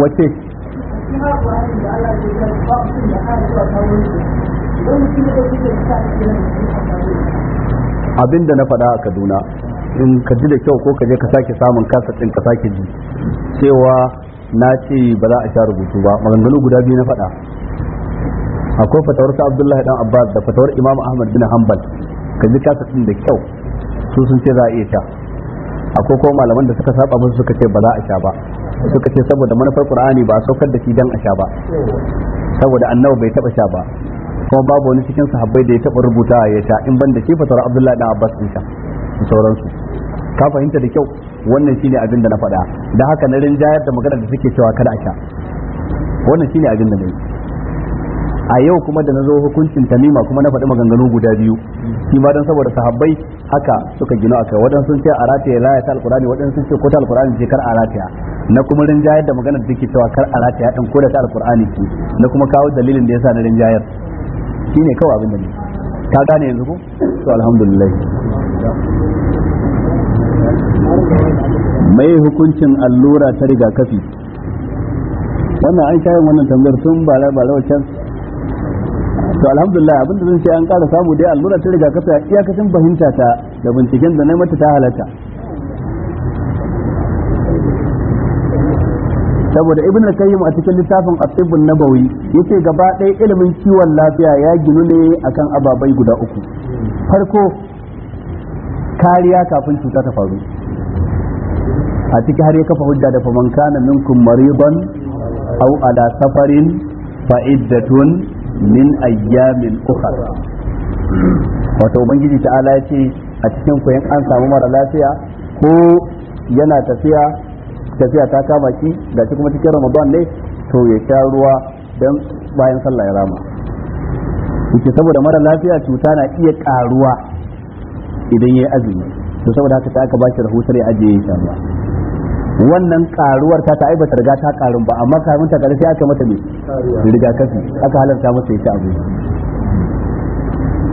wace abin da na faɗa a kaduna in ka ji da kyau ko ka je ka sake samun kasa ɗin ka sake ji cewa na ce ba za a sha rubutu ba maganganu guda biyu na faɗa akwai fatawar sa abdullahi dan abbas da fatawar imam ahmad bin hanbal ka ji kasa ɗin da kyau su sun ce za a iya sha akwai kuma malaman da suka saba musu suka ce ba za a sha ba suka ce saboda manufar qur'ani ba a saukar da shi dan a sha ba saboda annabi bai taba sha ba kuma babu wani cikin sahabbai da ya taba rubuta ya sha in ban da shi fatara abdullahi dan abbas din sha da sauransu ka fahimta da kyau wannan shine abin da na faɗa da haka na rinjayar da magana da suke cewa kada a sha wannan shine abin da na yi a yau kuma da na zo hukuncin tamima kuma na faɗi maganganu guda biyu shi ma dan saboda sahabbai haka suka gino akai wadan sun ce a la ya ta alqur'ani wadan sun ce ko ta alqur'ani ce kar a rataya na kuma rinjayar da maganar da cewa kar a rataya ko da ta alqur'ani ce na kuma kawo dalilin da yasa na rinjayar shine kawai abin da ne ka gane yanzu ko to alhamdulillah mai hukuncin allura ta rigakafi wannan an sha yin wannan tambayar tun ba la ba la to alhamdulillah abin da zan ce an kara samu dai allura ta riga kasa iyakacin fahimta ta da binciken da na mata ta halatta saboda ibn al-qayyim a cikin littafin at-tibb an-nabawi yace gaba ɗaya ilimin kiwon lafiya ya ginu ne akan ababai guda uku farko kariya kafin cuta ta faru a ciki har ya kafa hujja da faman kana minkum maridan aw ala safarin fa'iddatun min ayyamin ukhra wato ubangiji ta'ala ya ce a cikin ku an samu mara lafiya ko yana tafiya tafiya ta kama ki da shi kuma cikin ramadan ne to ya sha ruwa dan bayan sallah ya rama yake saboda mara lafiya cuta na iya karuwa idan ya yi azumi to saboda haka ta aka bashi shi rahotar ya ajiye ya sha ruwa wannan karuwar ta ta ai riga ta karun ba amma kafin ta karu sai aka mata me kafi aka halarta masa ya abu abinci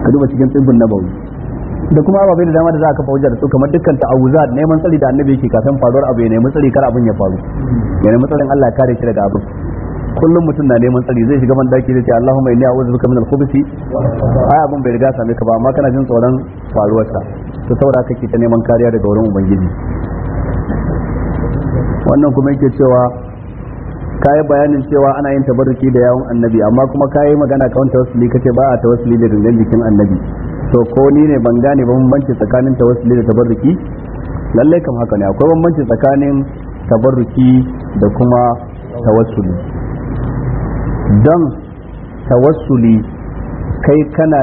ka duba cikin tsibin nabawi da kuma ababai da dama da za a kafa hujjar su kamar dukkan ta'awuzat neman tsari da annabi yake kafin faruwar abu ya nemi tsari kar abin ya faru ya nemi tsarin Allah kare shi daga abin kullum mutum na neman tsari zai shiga man daki zai ce Allahumma inni a'udhu bika min al-khubuthi ai abin bai riga same ka ba amma kana jin tsoron faruwarsa to saboda kake ta neman kariya daga wurin ubangiji wannan kuma yake cewa kayi bayanin cewa ana yin tabarruki da yawon annabi amma kuma kayi magana wani tawassuli kace ba a tawassuli da dangan jikin annabi to ko ni ne ban gane bambanci tsakanin tawassuli da tabarruki lallai kam haka ne akwai bambanci tsakanin tabarruki da kuma tawassuli don tawassuli kai kana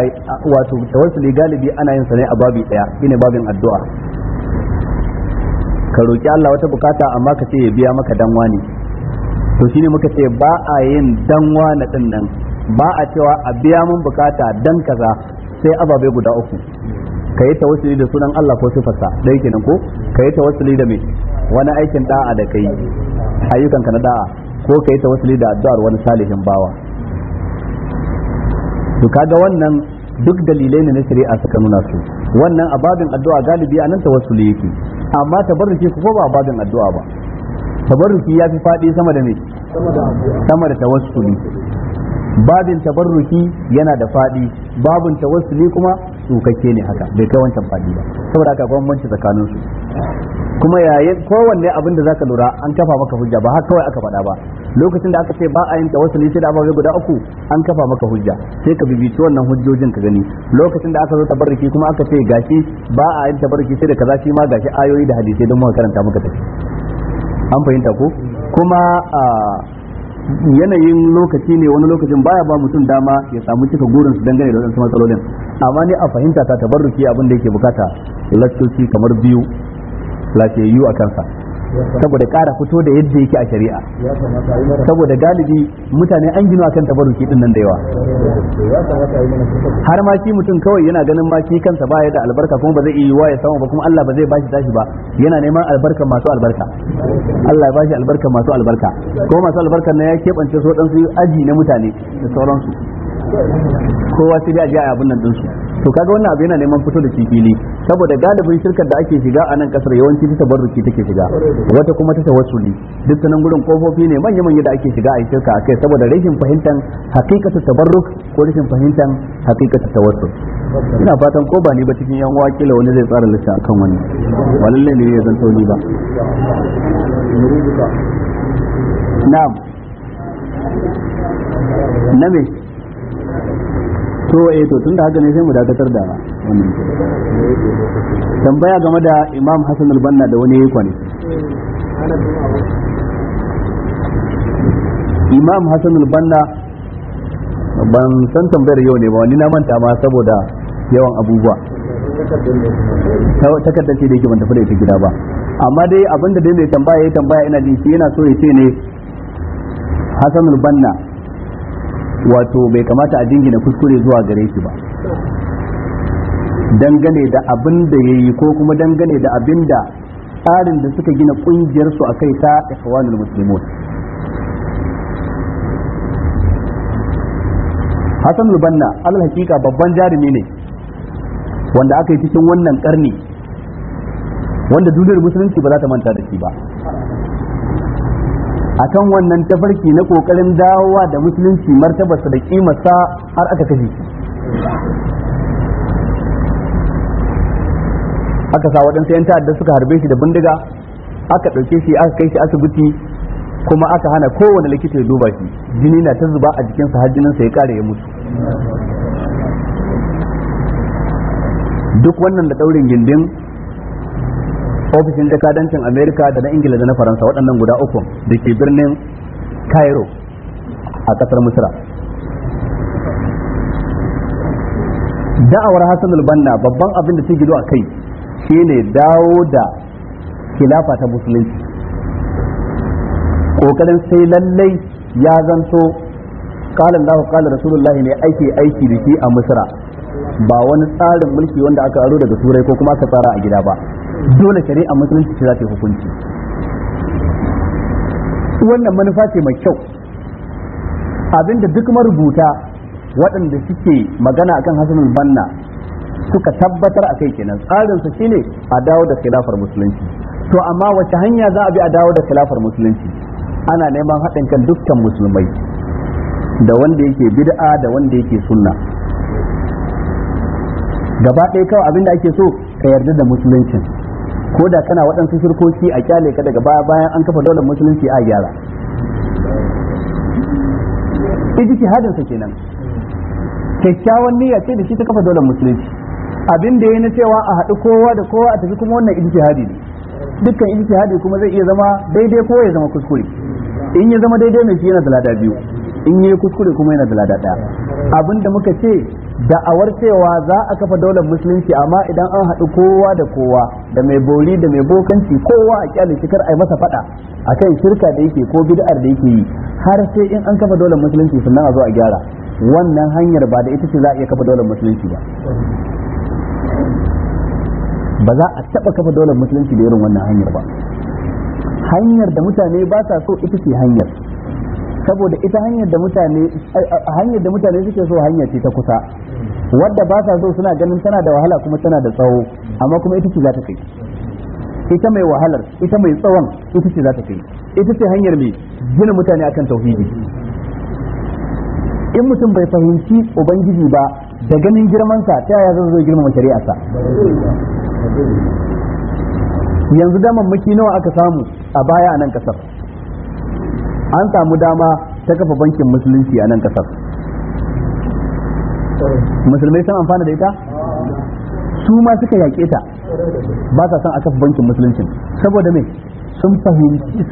wato tawassuli galibi ana yin sa ne a babi daya shine babin addu'a ka roƙi Allah wata bukata amma ka ce ya biya maka danwa ne to shine muka ce ba a yin danwa na din nan ba a cewa a biya mun bukata dan kaza sai ababe guda uku ka yi tawassuli da sunan Allah ko sifarsa dai kenan ko ka yi tawassuli da me wani aikin da'a da kai ayyukan ka na da'a ko ka yi tawassuli da addu'ar wani salihin bawa to kaga wannan duk dalilai ne na shari'a suka nuna su wannan ababin addu'a galibi a anan tawassuli yake amma tabarruki kuma ba babin addu'a ba tabarruki ya fi faɗi sama da me sama da tawassuli babin tabarruki yana da faɗi babin tawassuli kuma tsukakke ne haka bai kai wancan fadi ba saboda haka bambanci tsakanin su kuma yaye kowanne abin da zaka lura an kafa maka hujja ba haka kawai aka faɗa ba lokacin da aka ce ba a yin tawassuli sai da ababe guda uku an kafa maka hujja sai ka bibici wannan hujjojin ka gani lokacin da aka zo tabarruki kuma aka ce gashi ba a yin tabarruki sai da kaza shi ma gashi ayoyi da hadisi don mu karanta muka tafi an fahimta ko kuma ah, yanayin lokaci ne wani lokacin baya ba mutum dama ya samu cika gurin su dangane da wadansu matsalolin amma ne a fahimta ta tabarruki abin da yake bukata lattoci kamar biyu lafiyayyu a kansa saboda ƙara fito da yadda yake a shari'a saboda galibi mutane an kan akan tabaruki din nan da yawa har ma mutum kawai yana ganin ma shi kansa baya da albarka kuma ba zai iya wa ya samu ba kuma Allah ba zai bashi tashi ba yana neman albarka masu albarka Allah ya bashi albarka masu albarka kuma masu albarkar na ya keɓance su yi aji na mutane da sauransu kowa sai da ji a abin nan ɗinsu to kaga wannan abu yana neman fito da shi fili saboda galibin shirkar da ake shiga a nan kasar yawanci ta tabarruki take shiga wata kuma ta tawassuli duk sanan gurin kofofi ne manya manya da ake shiga a shirka akai saboda rashin fahimtar hakikatu tabarruk ko rashin fahimtar hakikatu tawassul ina fatan ko ba ni ba cikin yan wakila wani zai tsara lissa akan wani walalle ne ya zanto ni ba na'am na me to eh to tunda haka ne sai mu dakatar da wannan tambaya game da Imam Hassan al-Banna da wani yake ne Imam Hassan al-Banna ban san tambayar yau ne ba wani na manta ma saboda yawan abubuwa takardar ce da yake ban tafi da ita gida ba amma dai abinda dai mai tambaya ya tambaya ina jin shi yana so ya ce ne Hassan al-Banna wato bai kamata a jingina kuskure zuwa gare shi ba dangane da abin da ya yi ko kuma dangane da abin da tsarin da suka gina kungiyar su kai ta ikhwanul muslimun Hassan Banna al hakika babban jarumi ne wanda aka yi cikin wannan karni wanda duniyar musulunci ba za ta manta da shi ba akan wannan tafarki na kokarin dawowa da musulunci martabarsa da kimarsa har aka kashe shi aka sa waɗansu 'yan ta'adda suka harbe shi da bindiga aka ɗauke shi aka kai shi asibiti kuma aka hana kowane likita ya duba shi jini na ta zuba a jikinsa har jininsa ya ƙare ya mutu duk wannan da ɗaurin gindin ofishin jakadancin amerika da na ingila da na faransa waɗannan guda uku da ke birnin cairo a ƙasar misra da'awar hassan banna babban abin da ta gido a kai shine dawo da kilafa ta musulunci kokarin sai lallai ya zanto qala Allah qala rasulullahi ne aiki aiki da shi a misra ba wani tsarin mulki wanda aka aro daga turai ko kuma aka tsara a gida ba dole shari'a musulunci ce za ta yi hukunci wannan manufa ce mai kyau abinda duk marubuta waɗanda suke magana akan hasanul banna suka tabbatar a kai kenan tsarin tsarinsa shine a dawo da khilafar musulunci to amma wace hanya za a bi a dawo da khilafar musulunci ana neman haɗin kan dukkan musulmai da wanda yake bid'a da wanda yake sunna gaba ɗaya kawai abinda ake so ka yarda da musuluncin ko da kana waɗansu shirkoki a kyale ka daga baya bayan an kafa daular musulunci a gyara hadinsa hadinsa kenan kyakkyawan niyya ce da shi ta kafa daular musulunci abin da yayi na cewa a haɗu kowa da kowa a tafi kuma wannan hadi ne dukkan hadi kuma zai iya zama daidai ko ya zama kuskure in ya zama daidai mai shi yana da lada biyu in yi kuskure kuma yana da lada ɗaya. abin da muka ce da'awar cewa za a kafa daular musulunci amma idan an haɗu kowa da kowa da mai bori da mai bokanci kowa a kyalin shikar a yi masa faɗa kai shirka da yake ko bid'ar da yake yi har sai in an kafa daular musulunci sannan a zo a gyara wannan hanyar ba da ita ce za a iya kafa daular musulunci ba ba za a taɓa kafa daular musulunci da irin wannan hanyar ba hanyar da mutane ba sa so ita ce hanyar saboda ita hanyar da mutane hanyar da mutane suke so hanya ce ta kusa wadda ba sa so suna ganin tana da wahala kuma tana da tsawo amma kuma ita ce za ta kai ita mai wahalar ita mai tsawon ita ce za ta kai ita ce hanyar mai gina mutane akan tauhidi in mutum bai fahimci ubangiji ba da ganin girmansa ta yaya zai zo girmama sa. yanzu damammaki nawa aka samu a baya a nan kasar an samu dama ta kafa bankin musulunci a nan kasar musulmai sun amfana da ita su ma suka yaƙe ta ba sa son a kafa bankin musuluncin saboda me sun fahimci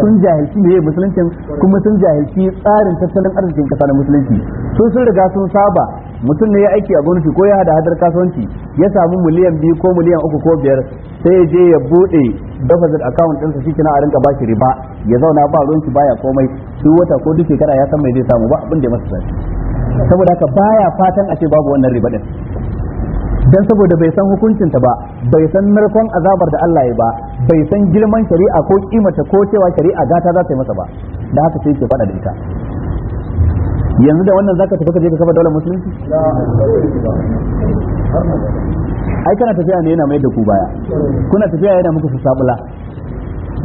sun jahilci me musuluncin kuma sun jahilci tsarin tattalin arzikin kasa na musulunci sun sun riga sun saba mutum ne ya aiki a gwamnati ko ya hada hadar kasuwanci ya samu miliyan biyu ko miliyan uku ko biyar sai ya je ya bude deposit account ɗinsa shi kina a rinka ba shi riba ya zauna ba ruwan shi baya komai su wata ko duk shekara ya san mai zai samu ba abin da ya masa saboda haka baya fatan a ce babu wannan riba din dan saboda bai san hukuncinta ba bai san narkon azabar da Allah ya ba bai san girman shari'a ko kimata ko cewa shari'a gata za ta yi masa ba da haka sai ke faɗa da ita yanzu da wannan zaka tafi ka je ka kafa daular musulunci ai kana tafiya ne yana mai da ku baya kuna tafiya yana muku su sabula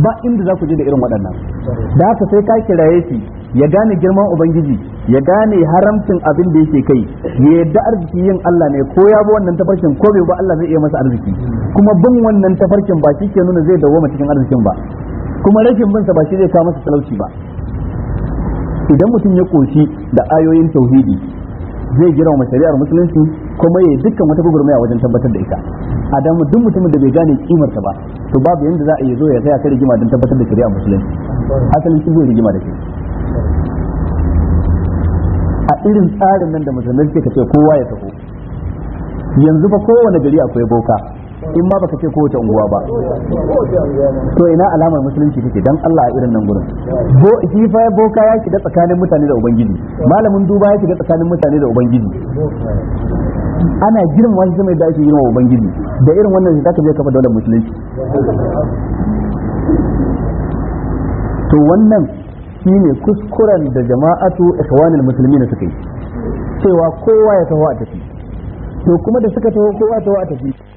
ba inda za ku je da irin waɗannan da haka sai ka kiraye shi ya gane girman ubangiji ya gane haramcin abin da yake kai ya yadda arziki yin Allah ne ko ya bi wannan tafarkin ko bai ba Allah zai iya masa arziki kuma bin wannan tafarkin ba shi ke nuna zai dawoma cikin arzikin ba kuma rashin binsa ba shi zai kawo masa talauci ba idan mutum ya koshi da ayoyin tauhidi zai wa shari'ar musulunci kuma ya dukkan wata gugurmaya wajen tabbatar da ita Adamu damu duk mutumin da bai gane kimar ba to babu yadda za a yi zo ya tsaya kai rigima don tabbatar da shari'ar musulunci asalin shi zai rigima da shi a irin tsarin nan da musulmai suke kace kowa ya tafi yanzu fa kowane gari akwai boka in ma baka ce kowace unguwa ba to ina alamar musulunci take dan Allah a irin nan gurin bo shi fa boka ya shiga tsakanin mutane da ubangiji malamin duba ya shiga tsakanin mutane da ubangiji ana girin shi sama da ake girma ubangiji da irin wannan shi zaka je kafa daular musulunci to wannan shine kuskuren da jama'atu ikhwanul muslimin suka yi cewa kowa ya taho a tafi to kuma da suka taho kowa taho a tafi